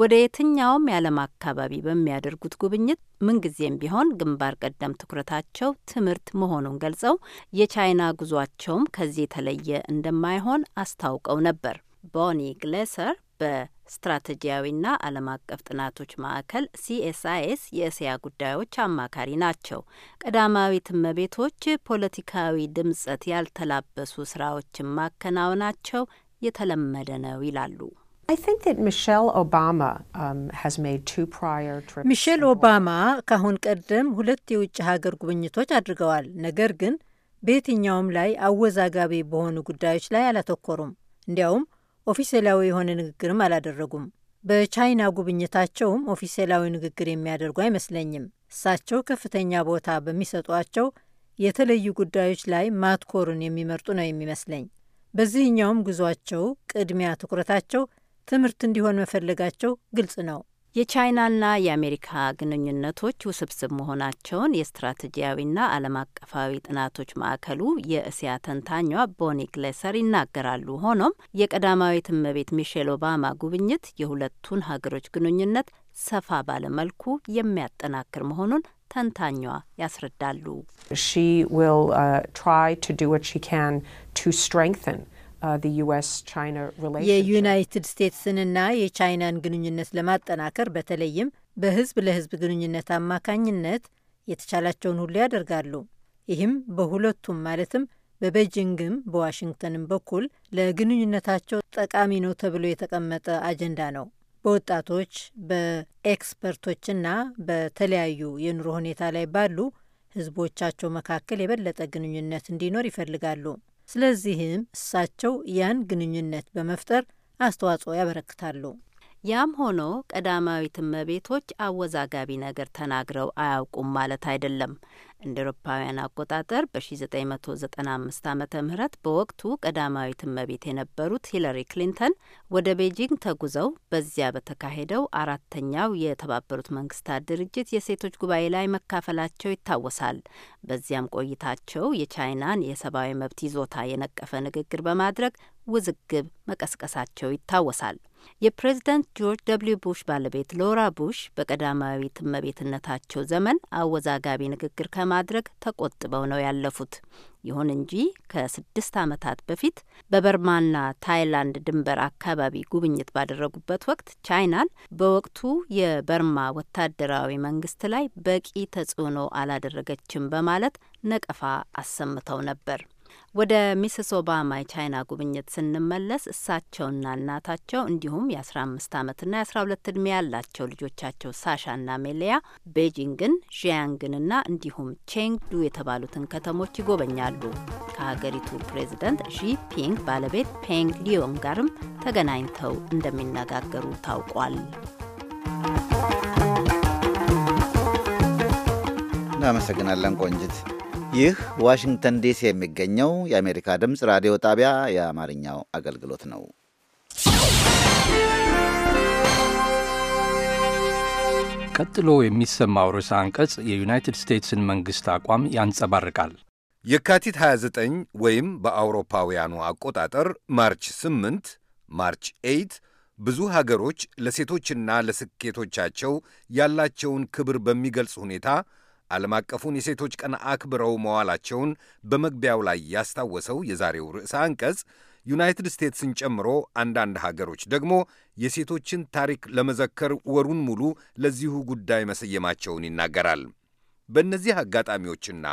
ወደ የትኛውም የዓለም አካባቢ በሚያደርጉት ጉብኝት ምንጊዜም ቢሆን ግንባር ቀደም ትኩረታቸው ትምህርት መሆኑን ገልጸው የቻይና ጉዟቸውም ከዚህ የተለየ እንደማይሆን አስታውቀው ነበር። ቦኒ ግሌሰር በ ስትራቴጂያዊና ዓለም አቀፍ ጥናቶች ማዕከል ሲኤስአይኤስ የእስያ ጉዳዮች አማካሪ ናቸው። ቀዳማዊት እመቤቶች ፖለቲካዊ ድምጸት ያልተላበሱ ስራዎችን ማከናወናቸው የተለመደ ነው ይላሉ። um, ሚሼል ኦባማ ካሁን ቀደም ሁለት የውጭ ሀገር ጉብኝቶች አድርገዋል። ነገር ግን በየትኛውም ላይ አወዛጋቢ በሆኑ ጉዳዮች ላይ አላተኮሩም። እንዲያውም ኦፊሴላዊ የሆነ ንግግርም አላደረጉም። በቻይና ጉብኝታቸውም ኦፊሴላዊ ንግግር የሚያደርጉ አይመስለኝም። እሳቸው ከፍተኛ ቦታ በሚሰጧቸው የተለዩ ጉዳዮች ላይ ማትኮርን የሚመርጡ ነው የሚመስለኝ። በዚህኛውም ጉዟቸው ቅድሚያ ትኩረታቸው ትምህርት እንዲሆን መፈለጋቸው ግልጽ ነው። የቻይናና የአሜሪካ ግንኙነቶች ውስብስብ መሆናቸውን የስትራቴጂያዊና ዓለም አቀፋዊ ጥናቶች ማዕከሉ የእስያ ተንታኟ ቦኒ ግሌሰር ይናገራሉ። ሆኖም የቀዳማዊት እመቤት ሚሼል ኦባማ ጉብኝት የሁለቱን ሀገሮች ግንኙነት ሰፋ ባለመልኩ የሚያጠናክር መሆኑን ተንታኟ ያስረዳሉ። Uh, የዩናይትድ ስቴትስንና የቻይናን ግንኙነት ለማጠናከር በተለይም በህዝብ ለህዝብ ግንኙነት አማካኝነት የተቻላቸውን ሁሉ ያደርጋሉ። ይህም በሁለቱም ማለትም በቤጂንግም በዋሽንግተንም በኩል ለግንኙነታቸው ጠቃሚ ነው ተብሎ የተቀመጠ አጀንዳ ነው። በወጣቶች በኤክስፐርቶችና በተለያዩ የኑሮ ሁኔታ ላይ ባሉ ህዝቦቻቸው መካከል የበለጠ ግንኙነት እንዲኖር ይፈልጋሉ። ስለዚህም እሳቸው ያን ግንኙነት በመፍጠር አስተዋጽኦ ያበረክታሉ። ያም ሆኖ ቀዳማዊት እመቤቶች አወዛጋቢ ነገር ተናግረው አያውቁም ማለት አይደለም። እንደ ኤሮፓውያን አቆጣጠር በ1995 ዓ ም በወቅቱ ቀዳማዊት እመቤት የነበሩት ሂለሪ ክሊንተን ወደ ቤጂንግ ተጉዘው በዚያ በተካሄደው አራተኛው የተባበሩት መንግስታት ድርጅት የሴቶች ጉባኤ ላይ መካፈላቸው ይታወሳል። በዚያም ቆይታቸው የቻይናን የሰብአዊ መብት ይዞታ የነቀፈ ንግግር በማድረግ ውዝግብ መቀስቀሳቸው ይታወሳል። የፕሬዝደንት ጆርጅ ደብሊው ቡሽ ባለቤት ሎራ ቡሽ በቀዳማዊት እመቤትነታቸው ዘመን አወዛጋቢ ንግግር ከማድረግ ተቆጥበው ነው ያለፉት። ይሁን እንጂ ከስድስት ዓመታት በፊት በበርማና ታይላንድ ድንበር አካባቢ ጉብኝት ባደረጉበት ወቅት ቻይናን በወቅቱ የበርማ ወታደራዊ መንግስት ላይ በቂ ተጽዕኖ አላደረገችም በማለት ነቀፋ አሰምተው ነበር። ወደ ሚስስ ኦባማ የቻይና ጉብኝት ስንመለስ እሳቸውና እናታቸው እንዲሁም የአስራ አምስት ዓመትና የ ሁለት እድሜ ያላቸው ልጆቻቸው ሳሻና ሜሊያ ቤጂንግን፣ ዢያንግንና እንዲሁም ቼንግዱ የተባሉትን ከተሞች ይጎበኛሉ። ከሀገሪቱ ፕሬዚደንት ዢ ፒንግ ባለቤት ፔንግ ሊዮን ጋርም ተገናኝተው እንደሚነጋገሩ ታውቋል። እናመሰግናለን ቆንጅት። ይህ ዋሽንግተን ዲሲ የሚገኘው የአሜሪካ ድምፅ ራዲዮ ጣቢያ የአማርኛው አገልግሎት ነው። ቀጥሎ የሚሰማው ርዕሰ አንቀጽ የዩናይትድ ስቴትስን መንግሥት አቋም ያንጸባርቃል። የካቲት 29 ወይም በአውሮፓውያኑ አቆጣጠር ማርች 8 ማርች 8 ብዙ ሀገሮች ለሴቶችና ለስኬቶቻቸው ያላቸውን ክብር በሚገልጽ ሁኔታ ዓለም አቀፉን የሴቶች ቀን አክብረው መዋላቸውን በመግቢያው ላይ ያስታወሰው የዛሬው ርዕሰ አንቀጽ ዩናይትድ ስቴትስን ጨምሮ አንዳንድ ሀገሮች ደግሞ የሴቶችን ታሪክ ለመዘከር ወሩን ሙሉ ለዚሁ ጉዳይ መሰየማቸውን ይናገራል። በእነዚህ አጋጣሚዎችና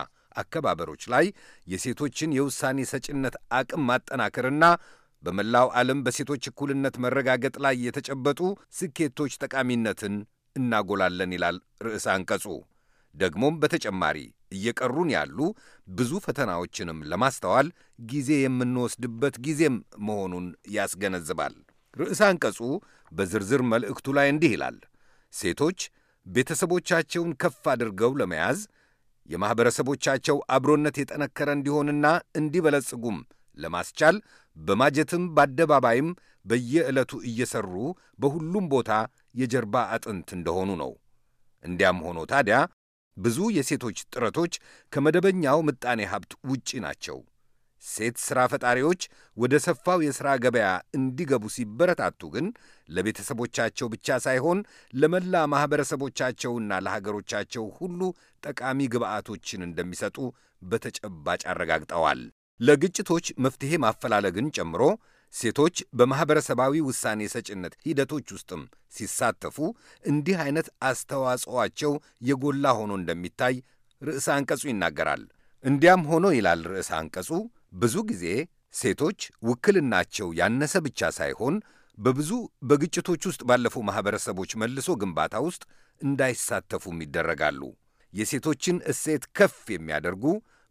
አከባበሮች ላይ የሴቶችን የውሳኔ ሰጭነት አቅም ማጠናከርና በመላው ዓለም በሴቶች እኩልነት መረጋገጥ ላይ የተጨበጡ ስኬቶች ጠቃሚነትን እናጎላለን ይላል ርዕሰ አንቀጹ። ደግሞም በተጨማሪ እየቀሩን ያሉ ብዙ ፈተናዎችንም ለማስተዋል ጊዜ የምንወስድበት ጊዜም መሆኑን ያስገነዝባል። ርዕሰ አንቀጹ በዝርዝር መልእክቱ ላይ እንዲህ ይላል። ሴቶች ቤተሰቦቻቸውን ከፍ አድርገው ለመያዝ የማኅበረሰቦቻቸው አብሮነት የጠነከረ እንዲሆንና እንዲበለጽጉም ለማስቻል በማጀትም በአደባባይም በየዕለቱ እየሠሩ በሁሉም ቦታ የጀርባ አጥንት እንደሆኑ ነው። እንዲያም ሆኖ ታዲያ ብዙ የሴቶች ጥረቶች ከመደበኛው ምጣኔ ሀብት ውጪ ናቸው። ሴት ሥራ ፈጣሪዎች ወደ ሰፋው የሥራ ገበያ እንዲገቡ ሲበረታቱ ግን ለቤተሰቦቻቸው ብቻ ሳይሆን ለመላ ማኅበረሰቦቻቸውና ለሀገሮቻቸው ሁሉ ጠቃሚ ግብዓቶችን እንደሚሰጡ በተጨባጭ አረጋግጠዋል። ለግጭቶች መፍትሔ ማፈላለግን ጨምሮ ሴቶች በማኅበረሰባዊ ውሳኔ ሰጭነት ሂደቶች ውስጥም ሲሳተፉ እንዲህ አይነት አስተዋጽኦአቸው የጎላ ሆኖ እንደሚታይ ርዕሰ አንቀጹ ይናገራል። እንዲያም ሆኖ ይላል ርዕሰ አንቀጹ፣ ብዙ ጊዜ ሴቶች ውክልናቸው ያነሰ ብቻ ሳይሆን በብዙ በግጭቶች ውስጥ ባለፉ ማኅበረሰቦች መልሶ ግንባታ ውስጥ እንዳይሳተፉም ይደረጋሉ። የሴቶችን እሴት ከፍ የሚያደርጉ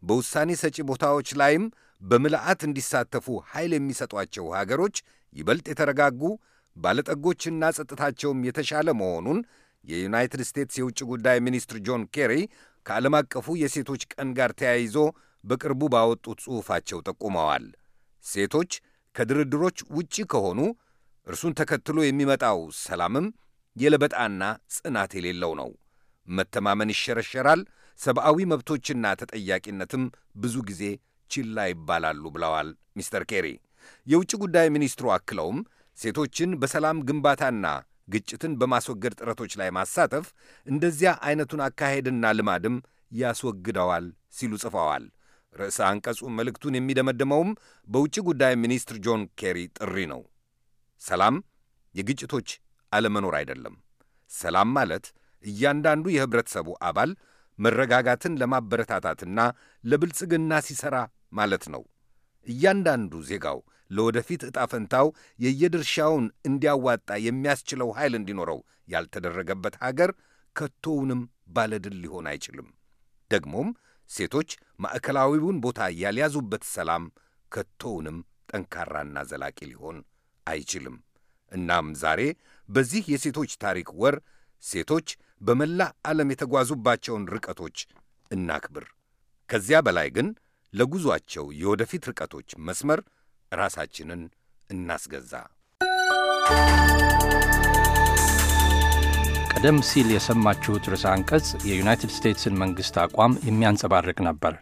በውሳኔ ሰጪ ቦታዎች ላይም በምልዓት እንዲሳተፉ ኃይል የሚሰጧቸው ሀገሮች ይበልጥ የተረጋጉ ባለጠጎችና ጸጥታቸውም የተሻለ መሆኑን የዩናይትድ ስቴትስ የውጭ ጉዳይ ሚኒስትር ጆን ኬሪ ከዓለም አቀፉ የሴቶች ቀን ጋር ተያይዞ በቅርቡ ባወጡት ጽሑፋቸው ጠቁመዋል። ሴቶች ከድርድሮች ውጪ ከሆኑ እርሱን ተከትሎ የሚመጣው ሰላምም የለበጣና ጽናት የሌለው ነው። መተማመን ይሸረሸራል። ሰብአዊ መብቶችና ተጠያቂነትም ብዙ ጊዜ ችላ ይባላሉ ብለዋል ሚስተር ኬሪ። የውጭ ጉዳይ ሚኒስትሩ አክለውም ሴቶችን በሰላም ግንባታና ግጭትን በማስወገድ ጥረቶች ላይ ማሳተፍ እንደዚያ አይነቱን አካሄድና ልማድም ያስወግደዋል ሲሉ ጽፈዋል። ርዕሰ አንቀጹ መልእክቱን የሚደመድመውም በውጭ ጉዳይ ሚኒስትር ጆን ኬሪ ጥሪ ነው። ሰላም የግጭቶች አለመኖር አይደለም። ሰላም ማለት እያንዳንዱ የህብረተሰቡ አባል መረጋጋትን ለማበረታታትና ለብልጽግና ሲሠራ ማለት ነው። እያንዳንዱ ዜጋው ለወደፊት ዕጣ ፈንታው የየድርሻውን እንዲያዋጣ የሚያስችለው ኃይል እንዲኖረው ያልተደረገበት ሀገር ከቶውንም ባለድል ሊሆን አይችልም። ደግሞም ሴቶች ማዕከላዊውን ቦታ ያልያዙበት ሰላም ከቶውንም ጠንካራና ዘላቂ ሊሆን አይችልም። እናም ዛሬ በዚህ የሴቶች ታሪክ ወር ሴቶች በመላ ዓለም የተጓዙባቸውን ርቀቶች እናክብር። ከዚያ በላይ ግን ለጉዟቸው የወደፊት ርቀቶች መስመር ራሳችንን እናስገዛ። ቀደም ሲል የሰማችሁት ርዕሰ አንቀጽ የዩናይትድ ስቴትስን መንግሥት አቋም የሚያንጸባርቅ ነበር።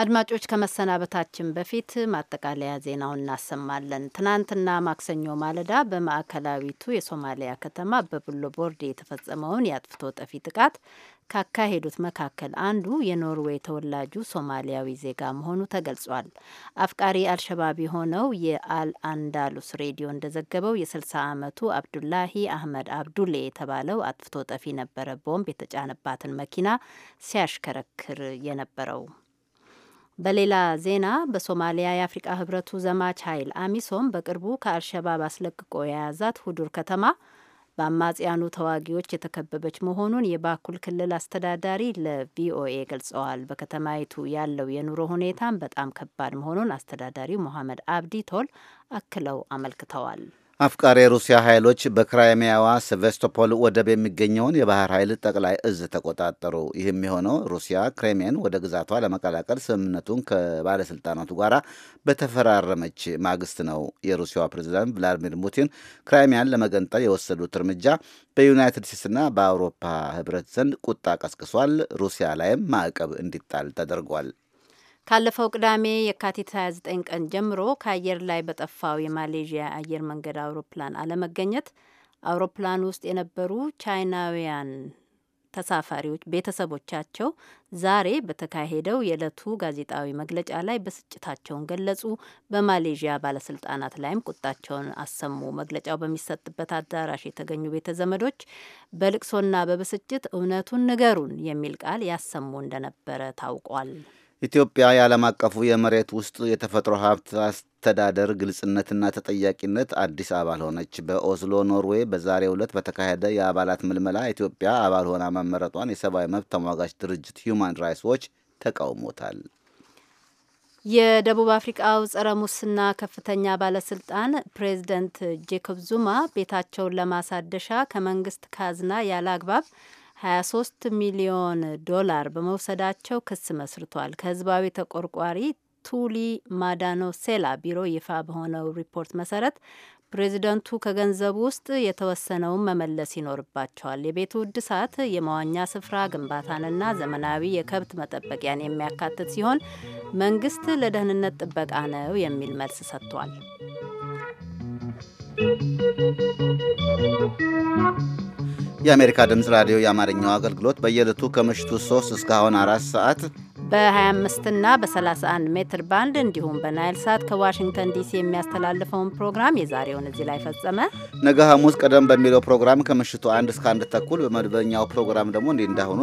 አድማጮች ከመሰናበታችን በፊት ማጠቃለያ ዜናውን እናሰማለን። ትናንትና ማክሰኞ ማለዳ በማዕከላዊቱ የሶማሊያ ከተማ በቡሎ ቦርድ የተፈጸመውን የአጥፍቶ ጠፊ ጥቃት ካካሄዱት መካከል አንዱ የኖርዌይ ተወላጁ ሶማሊያዊ ዜጋ መሆኑ ተገልጿል። አፍቃሪ አልሸባብ የሆነው የአል አንዳሉስ ሬዲዮ እንደዘገበው የ60 ዓመቱ አብዱላሂ አህመድ አብዱሌ የተባለው አጥፍቶ ጠፊ ነበረ ቦምብ የተጫነባትን መኪና ሲያሽከረክር የነበረው። በሌላ ዜና በሶማሊያ የአፍሪቃ ህብረቱ ዘማች ኃይል አሚሶም በቅርቡ ከአልሸባብ አስለቅቆ የያዛት ሁዱር ከተማ በአማጽያኑ ተዋጊዎች የተከበበች መሆኑን የባኩል ክልል አስተዳዳሪ ለቪኦኤ ገልጸዋል። በከተማይቱ ያለው የኑሮ ሁኔታም በጣም ከባድ መሆኑን አስተዳዳሪው ሞሐመድ አብዲ ቶል አክለው አመልክተዋል። አፍቃሪ የሩሲያ ኃይሎች በክራይሚያዋ ሴቨስቶፖል ወደብ የሚገኘውን የባህር ኃይል ጠቅላይ እዝ ተቆጣጠሩ። ይህም የሆነው ሩሲያ ክሬሚያን ወደ ግዛቷ ለመቀላቀል ስምምነቱን ከባለሥልጣናቱ ጋር በተፈራረመች ማግስት ነው። የሩሲያዋ ፕሬዚዳንት ቭላዲሚር ፑቲን ክራይሚያን ለመገንጠል የወሰዱት እርምጃ በዩናይትድ ስቴትስና በአውሮፓ ሕብረት ዘንድ ቁጣ ቀስቅሷል። ሩሲያ ላይም ማዕቀብ እንዲጣል ተደርጓል። ካለፈው ቅዳሜ የካቲት 29 ቀን ጀምሮ ከአየር ላይ በጠፋው የማሌዥያ አየር መንገድ አውሮፕላን አለመገኘት አውሮፕላን ውስጥ የነበሩ ቻይናውያን ተሳፋሪዎች ቤተሰቦቻቸው ዛሬ በተካሄደው የዕለቱ ጋዜጣዊ መግለጫ ላይ ብስጭታቸውን ገለጹ። በማሌዥያ ባለስልጣናት ላይም ቁጣቸውን አሰሙ። መግለጫው በሚሰጥበት አዳራሽ የተገኙ ቤተ ዘመዶች በልቅሶና በብስጭት እውነቱን ንገሩን የሚል ቃል ያሰሙ እንደነበረ ታውቋል። ኢትዮጵያ የዓለም አቀፉ የመሬት ውስጥ የተፈጥሮ ሀብት አስተዳደር ግልጽነትና ተጠያቂነት አዲስ አባል ሆነች። በኦስሎ ኖርዌይ፣ በዛሬው ዕለት በተካሄደ የአባላት ምልመላ ኢትዮጵያ አባል ሆና መመረጧን የሰብአዊ መብት ተሟጋች ድርጅት ሂዩማን ራይትስ ዎች ተቃውሞታል። የደቡብ አፍሪቃው ጸረ ሙስና ከፍተኛ ባለስልጣን ፕሬዚደንት ጄኮብ ዙማ ቤታቸውን ለማሳደሻ ከመንግስት ካዝና ያለ አግባብ 23 ሚሊዮን ዶላር በመውሰዳቸው ክስ መስርቷል። ከህዝባዊ ተቆርቋሪ ቱሊ ማዳኖ ሴላ ቢሮ ይፋ በሆነው ሪፖርት መሰረት ፕሬዚደንቱ ከገንዘቡ ውስጥ የተወሰነውን መመለስ ይኖርባቸዋል። የቤቱ እድሳት የመዋኛ ስፍራ ግንባታንና ዘመናዊ የከብት መጠበቂያን የሚያካትት ሲሆን መንግስት ለደህንነት ጥበቃ ነው የሚል መልስ ሰጥቷል። የአሜሪካ ድምፅ ራዲዮ የአማርኛው አገልግሎት በየዕለቱ ከምሽቱ 3 እስካሁን አራት ሰዓት በ25 እና በ31 ሜትር ባንድ እንዲሁም በናይል ሳት ከዋሽንግተን ዲሲ የሚያስተላልፈውን ፕሮግራም የዛሬውን እዚህ ላይ ፈጸመ። ነገ ሐሙስ ቀደም በሚለው ፕሮግራም ከምሽቱ 1 እስከ 1 ተኩል በመደበኛው ፕሮግራም ደግሞ እንዲህ እንዳሁኑ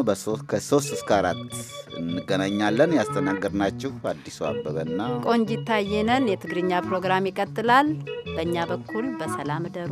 ከ3 እስከ 4 እንገናኛለን። ያስተናገድናችሁ አዲሱ አበበና ቆንጂት ታየ የትግርኛ ፕሮግራም ይቀጥላል። በእኛ በኩል በሰላም እደሩ።